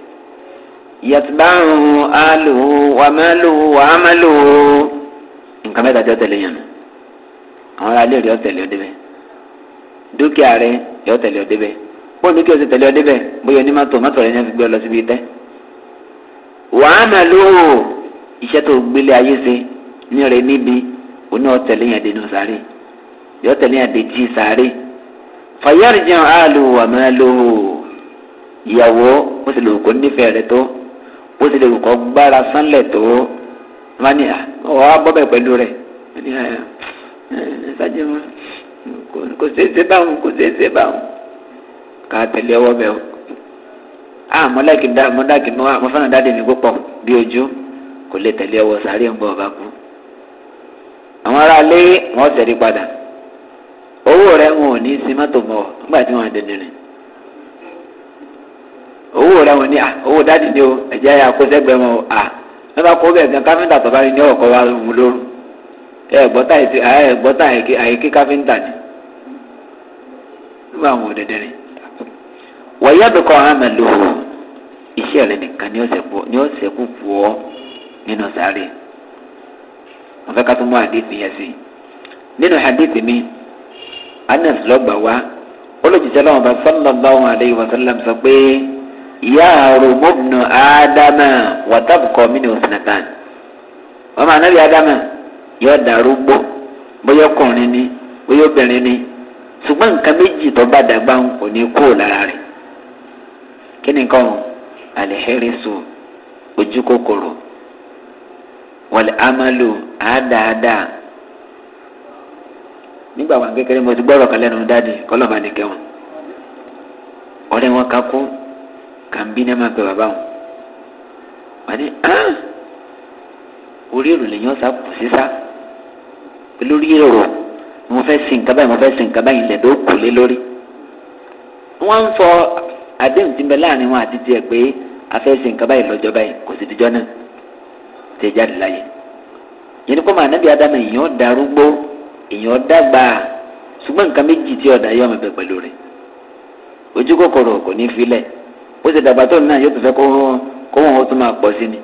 yàtúbáhùn àlùhù wàmálùhù wàmálùhù nǹkan mẹ́ta tí ó tẹ̀lé yàn àwọn ará ilé rẹ̀ ó tẹ̀lé ọdẹ bẹ́ẹ̀ dúkìá rẹ̀ yóò tẹ̀lé ọdẹ bẹ́ẹ̀ bóyá dúkìá ti tẹ̀lé ọdẹ bẹ́ẹ̀ bóyá onímọ̀tò mọ́tò rẹ̀ yẹn fi gbé ọ lọ síbi tẹ́ wàmálùhù iṣẹ́ tó gbélé ayé ṣe ní rẹ̀ níbi oní ọ̀tẹ̀lé yàn dénú sáré yóò tẹ̀lé yàn déjì sáré fàyàrìjàn àlùhù wàmálùhù ìyàwó ó sì lò kó nífẹ̀ẹ́ rẹ̀ tó bó ti lè kọ́ gbára sánlẹ̀ tó wọ́n ní ah, ọ̀hún abọ́bẹ̀ pẹ̀lú rẹ̀ ní ṣáájú ah, eh, eh, wọn kò ṣeé ṣe báwọn kò ṣeé ṣe báwọn ká tẹ̀lé ọwọ́ bẹ̀ o. àmọ́ láìkí dá àmọ́ dáàkì mọ́ àmọ́ fẹ́ràn dáàdì mi púpọ̀ bí ojú kò lè tẹ̀lé ọwọ́ sàárẹ̀ ń bọ̀ ọba kú. àwọn ará ilé wọn tẹ̀lé padà owó rẹ̀ wọn ò ní í sin mọ́tò mọ́ nígbà tí wọ́n á dẹnu rìn owó rẹ wọn ni à ah, owó dáàdì ni o ẹ̀jẹ̀ ayé akọ́sẹ́gbẹ́ wọn o à ah, ẹ bá kó bẹ́ẹ̀ gan káfíńtà tó bá rí ní ọ̀kọ́ wa wù lóru ẹ gbọ́tà ètò ẹ gbọ́tà àyíké káfíńtà ni nígbà wọn ò dẹdẹ ni. wọ́yẹ́ bí kọ́ hàn mẹ́lò iṣẹ́ rẹ nìkan ni ó sẹ́kù fún ọ nínú sáré wọn fẹ́ ká tó mú àdéhùn yẹn sí nínú àdéhùn mi anas lọ́gbà wa olùjíṣẹ́ lọ́wọ́ bá sọ́lọ́ lọ́wọ́ àdéhùn wa sọ́lọ́ sọ pé yaaru mubnu adama watabukọ mini osinatan ọmọ anabi adama yóò darúgbó bóyá ọkùnrin ni bóyá obìnrin ni ṣùgbọ́n nǹkan méjì tó bá dàgbà ń kò ní kó lára rẹ̀ kí ni nǹkan o alihirisu ojú kòkòrò wàlẹ amalu àádáadáa nígbà wà kékeré mo ti gbọ́ ọ̀rọ̀ kan lẹ́nu dáàdi kọ́lọ́ba nìkẹ́ wọn ọ̀rẹ́ wọn kakú kan bí náà máa pe bàbá wọn pàdé hàn orí èrò lèyìn ọ̀sà kù sísá lórí èrò mo fẹ́ sin nǹkan báyìí mo fẹ́ sin nǹkan báyìí ilẹ̀ ló kù lé lórí wọ́n ń sọ àdéhùn ti bẹ láàrin wọn àti tiẹ̀ pé a fẹ́ sin nǹkan báyìí lọ́jọ́ báyìí kò sì dijọ́ náà tẹ̀ jáde láyé yẹn ni kó máa nábì ádámù èèyàn darúgbó èèyàn dàgbà ṣùgbọ́n nǹkan méjì tí ọ̀dà yọ̀ mọ̀ pẹ̀lú rẹ̀ ojú kòkòrò kò ní filẹ̀ ó sì dàgbà tó náà yóò tún fẹ́ kó wọn ó tún máa pọ̀ sí ni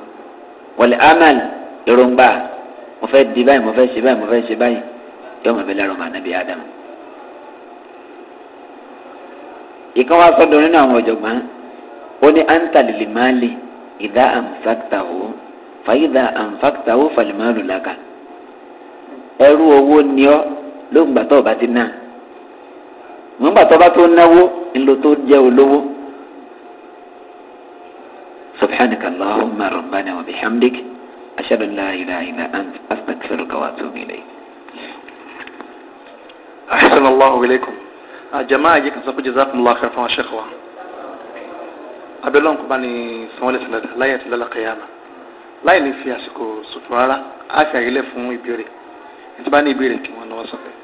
wọlé amal èròǹgbà mo fẹ́ di báyìí mo fẹ́ ṣe báyìí mo fẹ́ ṣe báyìí yóò mọ̀ mi lẹ́rọ màá nàbí ádámù. ìkan wá sọ́dọ̀ nínú àwọn ọ̀jọ̀gbọ́n ó ní antalili máàlì ìdá àmfàkìtàwó fàyídà àmfàkìtàwó fàlìmáàlù làkà ẹrú owó ni ọ ló ń gbà tó o bá ti ná wọn gbà tó o bá tó náwó ńlọ tó jẹ olówó. سبحانك اللهم ربنا وبحمدك أشهد أن لا إله إلا أنت أستغفرك وأتوب إليك أحسن الله إليكم جماعة يكن سنقول جزاكم الله خير فما شيخ abẹ́lẹ́ ọ̀nkọ́ bá ní sanwó-ẹ̀lẹ́ sẹ́lẹ̀ láyé àti lọ́la kẹyàmà láì ní fi àsìkò sòfin rárá á fi àyè lẹ̀ fún ìbéèrè nítorí bá ní ìbéèrè kí wọ́n lọ́wọ́ sọ̀rọ̀.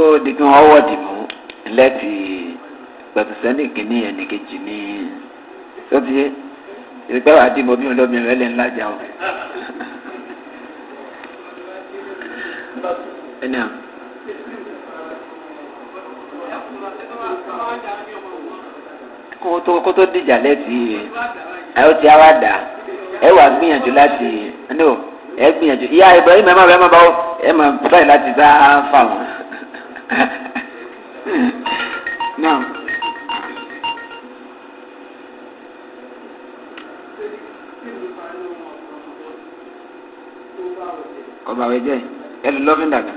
tó di kí wọ́n wọ̀ dìbò lẹ́tì pẹ̀tùsẹ́nì kìíní ẹnì kejì ní sọ́tí ìpẹ́ wà dìbò bí olóbìnrin ẹlẹ́ ńlá jà o. ẹnìyà. kó tó dìjà lẹ́tì ẹ̀ ó ti á wá dà ẹ wà gbìyànjú láti ẹ gbìyànjú ìyá Ibrahim ẹ má bẹ ẹ má bá ẹ má báyìí láti dá fáwọn. Naam. ọba awẹ jẹ ẹlò lọfin dàgbà.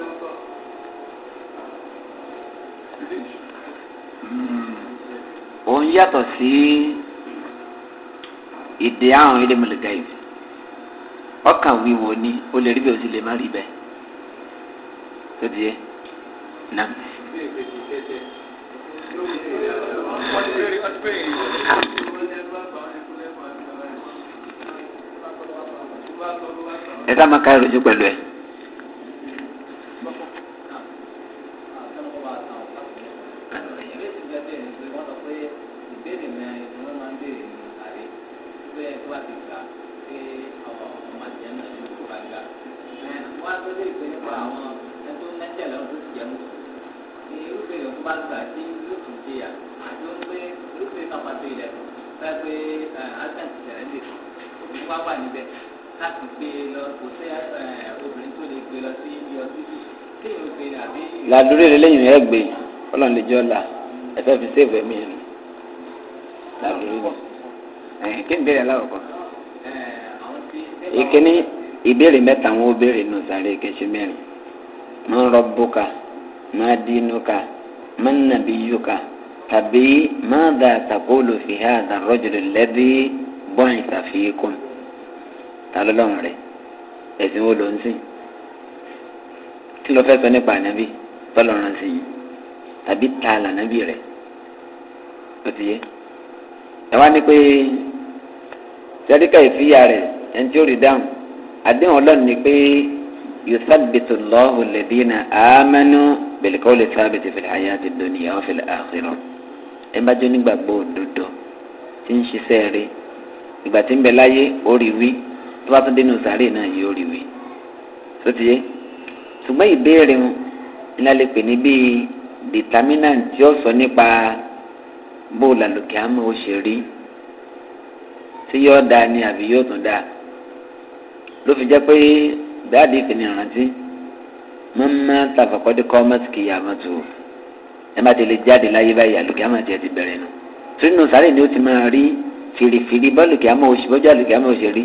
Thank you òun yàtọ̀ sí ìdè àwọn ilé mọ̀lẹ́gà yìí ọkàn wíwo ni o lè rí bẹ́ẹ̀ o sì lè má rí bẹ́ẹ̀ tó di yẹ nà. ẹ ká máa ká ẹrù jù pẹ̀lú ẹ. wá wà níbẹ̀ láti gbé e lọ kò sẹ́ obìnrin tó lè gbé lọ sí ibi ọtí kéèyàn gbé e àbí. làdúró ilé lẹ́yìn rẹ̀ gbé ọlọ́run lè jọ́ la ẹ̀fẹ́ fi ṣèwé mi nù làdúró ilé kí n bèrè aláwọ̀ ìkíní ìbéèrè mẹ́ta wọn ó béèrè nù sàrẹ́ kẹ́sì mẹ́rin máa rọ bùkà máa dínú ká máa nàbí yú ká tàbí máa dà lòfìhà àdàrọ́jòlè bọ́ìn sàfihàn ta lọ́lọ́run rẹ̀ ẹ̀sìn wo ló ń sìn kí ló fẹ́ sọ nípa ànábì tọ́lọ́run sí yìí tàbí ta lànábì rẹ̀ ó ti yẹ ẹ wá ní pé sẹ́ríkà ìfìyà rẹ̀ ẹni tí ó rí dáhùn àdéhùn ọlọ́run ni pé yusabitu lọ́hùn lẹ́dínà àmánú bẹ̀lẹ́kọ́ lè sábẹ̀ ti fìlà ayé àti dòní àwọn fìlà àṣírọ̀ ẹ bá jó nígbàgbọ́ òdodo tí ń ṣiṣẹ́ rí ìgbà tí ń bẹ láyé ó rí wí tó bá tún dénú sàárè náà yóò rí wí sóti yé ṣùgbọ́n ìbéèrè wọn ńlá lè pè ní bíi determinant tí ó sọ nípa bóòlù àlòkè àmọ́ ó ṣe rí tí yóò dáa ni àbí yóò tún dáa ló fi jẹ́ pé dáàdi ìfìní ìrántí mọ́mọ́ tàfàkọ́dé kọ́mọ́sì kì í yà mọ́ tó ẹ má ti lè jáde láyé báyìí àlòkè àmọ́ àti ẹ ti bẹ̀rẹ̀ nù tìrìnù sáré ni ó ti máa rí fìrìfìrì bọ́ọ̀lù kì í àmọ́ òṣì bọ́jú àlòkè àmọ́ òṣèré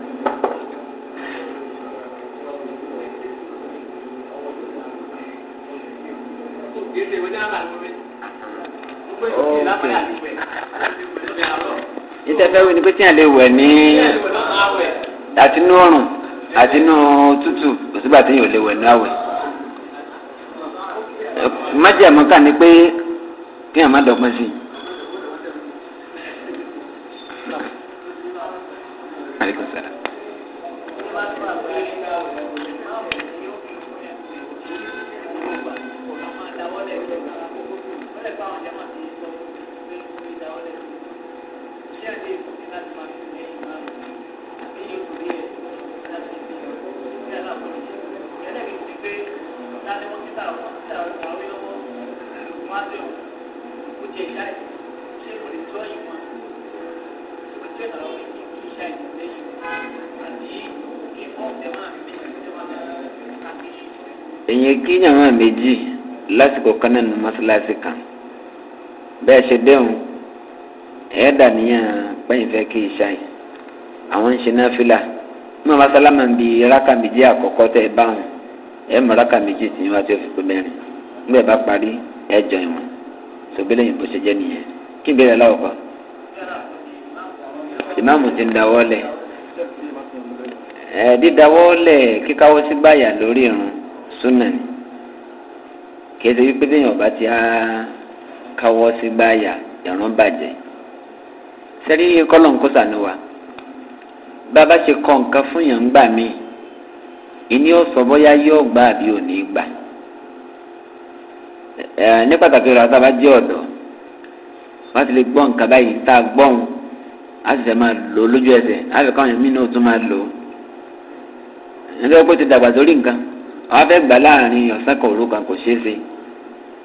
ṣe ìwé náà bàlùkù mi. Ìtẹ̀fẹ́ wo ni pé tí a lè wẹ̀ ní àtinú ọ̀rùn àtinú tútù kò sígbà tí yóò lè wẹ̀ ní àwẹ̀. Májèmọ́ kà ní pé kí a má dọ́gbọ́n sí i. méjì lásìkò kan náà ní mọ́sálásí kan bẹ́ẹ̀ ṣe dẹ́hùn ẹ̀yẹ́ dàníyàn pẹ́yìn fẹ́ kí iṣẹ́ yìí àwọn ń ṣe náà fìlà mọ́ bá sálámà ń bi rákà méjì àkọ́kọ́ tẹ́ ẹ bá wọn ẹ mọ rákà méjì tí wọ́n ti fi pé mẹ́rin nígbà bá parí ẹ jọ ìwọ̀n sọgbẹ́lẹ̀ yìí bó ṣe jẹ́ nìyẹn kí n bẹ̀rẹ̀ láwọ̀ ìmáàmù ti ń dáwọ́ lẹ̀ ẹ̀ lẹ̀ kíkáwọ́ sí báyà lórí irun súnà kéde wípé téèyàn bá ti á káwọ́ sí gbáàyà ìrún bàjẹ́ sẹ́rí kọ́lọ̀ ń kó sànú wa bàbá ṣe kọ́ nǹkan fún yàn ń gbà mí ìní ọ̀sọ̀ bóyá yóò gbà àbí ò ní gbà ní pàtàkì rẹ̀ àtàbà jẹ́ ọ̀dọ́ wọ́n ti lè gbọ́ nǹkan báyìí tá a gbọ́n a sì fẹ́ máa lò lójú ẹsẹ̀ a fẹ́ káwọn èèyàn náà tún máa lò nítorí pé ó ti dàgbà sórí nǹkan àwọn afẹ́ gbà láàrin ọ̀sán kan òru kan kò ṣeé ṣe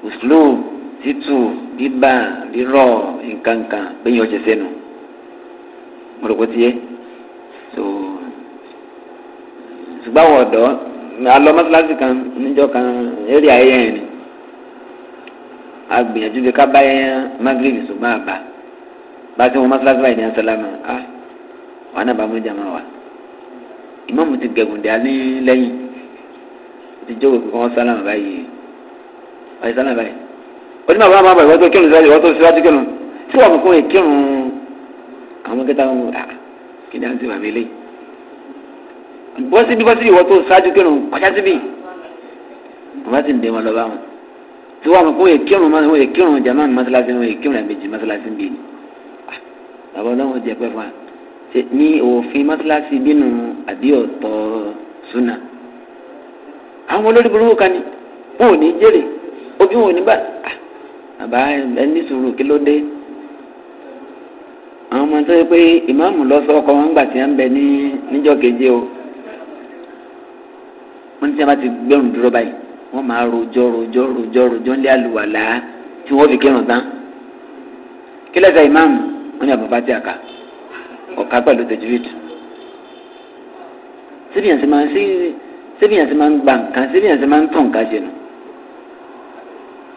uslub títù bíbà rírọ̀ nǹkankan bẹ́yìn ọ̀jẹ̀ sẹ́nu mo rò pé tiẹ́ so ṣùgbọ́n àwọn ọ̀dọ́ alọ́ mọ́tíláṣí kan níjọ́ kan eré ayẹyẹ ni agbìyànjú bí ká bá yẹn magrib ṣùgbọ́n àbá bá tí wọn mọ́tíláṣí báyìí ní asálámà á wà náà bá mú jàmá wa ìmọ̀mù ti gẹ̀gùn dé alẹ́ lẹ́yìn ti jókòó kí wọ́n sálámà báyìí àyíká náà báyìí onímọ̀ àwọn àbábọ̀ ìwọ́n tó kírun síwájú ìwọ́n tó síwájú kírun tí wọ́n kúkú kírun àwọn kẹta wọn à kí ni à ń tẹ̀wé àmì eléyìí bọ́sí bí bọ́sí ìwọ́n tó síwájú kírun kọjá síbí bàbá ti ń dé wọn lọ bá wọn tí wọ́n kúkú kírun mọ́ wọn kírun jama mọ́sálásí wọn kírun àbèjì mọ́sálásí bíi bàbá ọlọ́run jẹ pẹ́ fún wa ní òbí wọn ò ní bá àbá ẹni sùúrù kí ló dé àwọn ọmọ tó yẹ pé ìmáàmù lọ sọ ọkọ wọn gbà tí wọn ń bẹ ní níjọ keje o wọn ti sábà ti gbẹrùn dúró báyìí wọn máa rojọ rojọ rojọ rojọ ńlẹ àlùwàlà tí wọn fi kírun tán kí lẹsẹ ìmáàmù wọn ni àbúrò bá ti àká ọ̀ka pẹ̀lú tẹ̀júwìtì síbìyànsì máa ń gba nǹkan síbìyànsì máa ń tọ̀ nǹkan jẹ nù.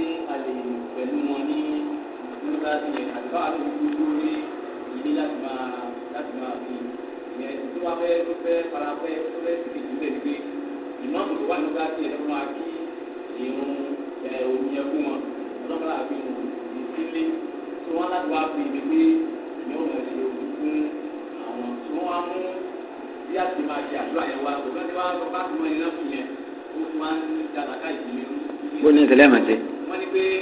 pé a lè pẹ̀lú wọn ní nígbà tí yẹn àti báwa lè fi dúró ní ìdí láti máa láti máa fi ìyẹn tí wọ́n fẹ́ tó fẹ́ fara fẹ́ tó fẹ́ sì kejì bẹ́ẹ̀ pé ìmọ̀mù tó wà nígbà tí yẹn fún wa kí ìrun òun yẹn fún wọn ọlọ́mọlá àbí ìrun ìdílé tí wọ́n láti wá fi ìdí pé ìyẹn òun ẹ̀ṣẹ̀ òun fún àwọn tí wọ́n á mú bí a ti máa ṣe àdúrà yẹn wá tó fẹ́ tí wọ́n á sọ bá ti mọ iná yẹn ó fún wa ní dàgbà ìdílé. bó ní ìtẹ̀lẹ́ màá ṣe pé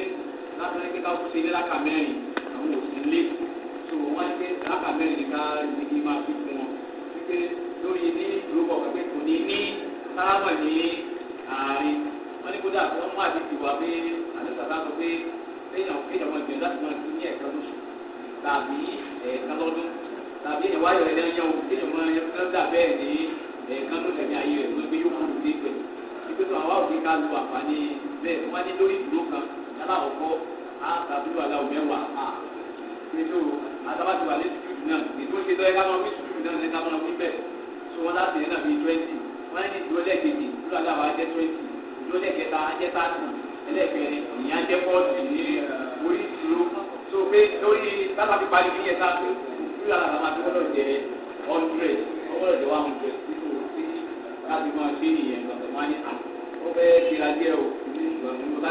láti ní kíkà ṣe ilé láka mẹ́rin àwọn òsì lé tó wọ́n ń gbé láka mẹ́rin níka níbi máa fi fún wọn wípé lórí ní ìdúróbọ̀ pé kò ní ní sálámà ní àárín wọ́n ní kódà wọ́n mú àti tìwá pé àdéhùn àbáko pé èèyàn kéèyàn máa gbìyànjú láti máa kí ní ẹ̀ka lóṣù tàbí ẹ̀ka lọ́dún tàbí ìwáyọ̀ ẹ̀dá yẹn o kéèyàn máa yẹ kí wọ́n dà bẹ́ẹ̀ ní ẹ̀ẹ̀kan ló tẹ̀lé ayé rẹ̀ ló gbé yókù lóde pẹ̀. ìgbésọ̀ àwọn àwòrán ká lu àǹfààní bẹ́ẹ̀ wọ́n á ní lórí ìdúró kan alákọ̀ọ́kọ́ àtàbílù aláwọ̀ mẹ́wàá à nínú àtàbàtì wà lẹ́sí jùlù náà nínú ṣe lọ́yẹ ká máa wíṣù jùlù náà lẹ́ka máa wí bẹ́ẹ̀ so wọ́n láti yẹn náà bíi twenty wọ́n ní ìdúró lẹ́ẹ̀kejì ìdúró aláwọ̀ ajẹ́ twenty ìdúró lẹ́ẹ̀kẹta ajẹ́ thirty ẹlẹ́ẹ̀kẹrin ìyẹn ajẹ́ forty ní orí ìdúró so pé lórí bàbá fi parí ní ẹ̀ta pé ìdúró aláwọ̀ máa fi gbọ́dọ̀ jẹ hundred ọgbọ́dọ̀ jẹ one hundred nínú sí láti máa ṣe ìyẹn lọ́sọ̀ máa ní à ó fẹ́ ṣe adé ẹ̀ ò ní ìgbà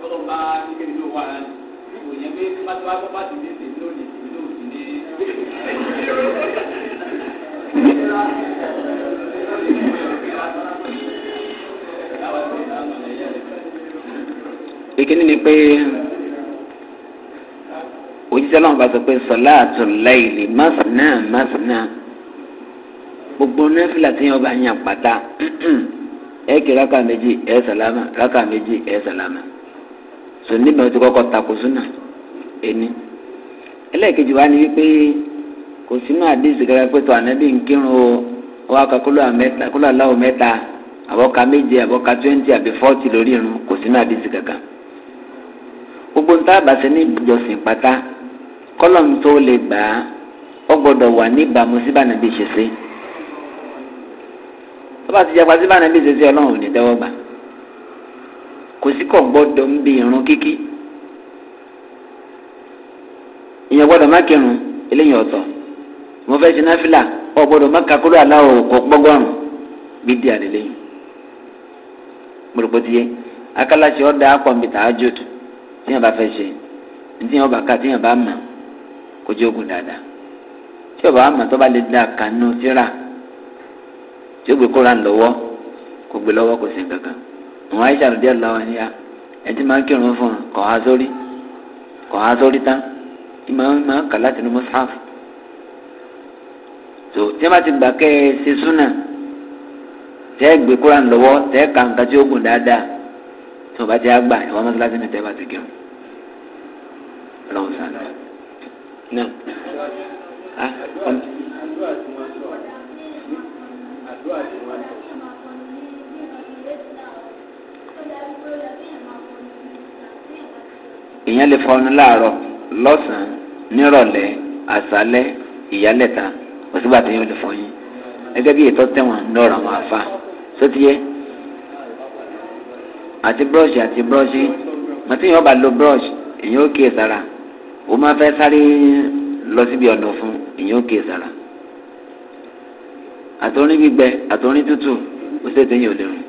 tọ́lọ́ bá kékeré ló wà láti ìbò yẹn pé pátá wá bá ti dé tèmi lónìí tèmi ló sì ní. ìkíní ni pé òjíṣẹ́ lọ́wọ́ bá sọ pé sọlá àtúnláìlì másìnà másìnà gbogbo nẹ́fìlà tí yẹn bá yàn pátá ẹ kí rákà méjì ẹ sàlámà rákà méjì ẹ sàlámà sunni náà ti kọ́kọ́ tako sunna ẹni ẹlẹ́ẹ̀kejì wa ni wípé kò sínú àdéhùn kankan pé tó ànábì ń kírun o wọ́n á ka kóló aláwọ̀ mẹ́ta àbọ̀ka méje àbọ̀ka twenty àbí forty lórí irun kò sínú àdéhùn kankan gbogbo ń tá a bá ṣe ní ìjọsìn pátá kọ́lọ́n tó lè gbà á ọ gbọ́dọ̀ wà níbàámu sí bànàbí ṣe ṣe tó bá ti jẹ́ pa sí bànàbí ṣe ṣe ọlọ́run ò ní dẹ́wọ́ gbà á kò sí kò gbọ́dọ̀ ń bi irun kíkí ìyẹn gbọ́dọ̀ má kírun eléyìí ọ̀tọ̀ mo fẹ́ ṣe náfìlà ọ̀ gbọ́dọ̀ má kakúrò aláwọ̀ kò gbọ́gbọ́rùn bí di àdìlẹ́ yìí mo rò pé ti yẹ akálàṣe ọ̀dà akọ̀m̀pìtà àjòtù tí yẹn bá fẹ́ ṣe tí yẹn bá ká tí yẹn bá mà kó jẹ́ ogun dáadáa tí yẹn bá mà tó bá lè da kànú síra tí ó gbé kóra lọ́wọ́ kò gbé lọ́wọ́ kò sí nǹkan àwọn aisha rẹ̀ díẹ̀ lọ́wọ́ ni ẹ ti máa ń kírun fún un kọ̀ ha sórí kọ̀ ha sórí tán ìmọ̀ máa ń kà láti ní mushaf tó tí wọ́n bá ti gbà kẹ́ ẹ ṣe súnà tẹ́ gbé kúrán lọ́wọ́ tẹ́ ka tí ó gùn dáadáa tí bá ti á gbà ìwọ́n máa ń láti ní tẹ́ bá ti kírun lọ́wọ́ sàn náà. àdúrà tí wọ́n sọ àdúrà tí wọ́n sọ èèyàn lè fọnu láàárọ̀ lọ́sàn-án nírọ̀lẹ́ àṣálẹ́ ìyálẹ̀ta òsínbà tí yóò lè fọyín gẹ́gẹ́ bí ètò tẹ̀wọ̀n lọ́rọ̀ àwọn àfa sótìyẹ àti búrọ́ọ̀ṣì àti búrọ́ọ̀ṣì màtí yóò bá lo búrọ́ọ̀ṣì èyàn ó kíyè sára ó máa fẹ́ sáré lọ síbi ọ̀nà fún èyàn ó kíyè sára àtọ́rin gbígbẹ àtọ́rin tútù ó sì tẹ̀yìn òde rìn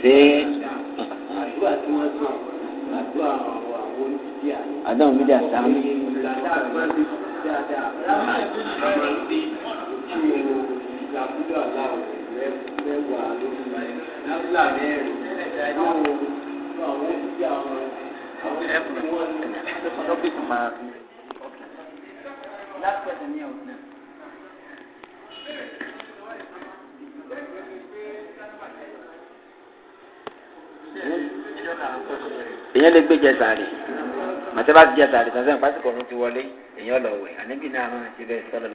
ṣé. àdáhùn mi dà sáámi. Last question here. èèyàn lè gbé jẹ sàárì màtí bá ti jẹ sàárì tán sẹ́yìn pásítọ̀ ọ̀run ti wọlé èèyàn lọ wẹ̀ àníbì náà máa ti bẹ́ẹ̀ sọ́lọ́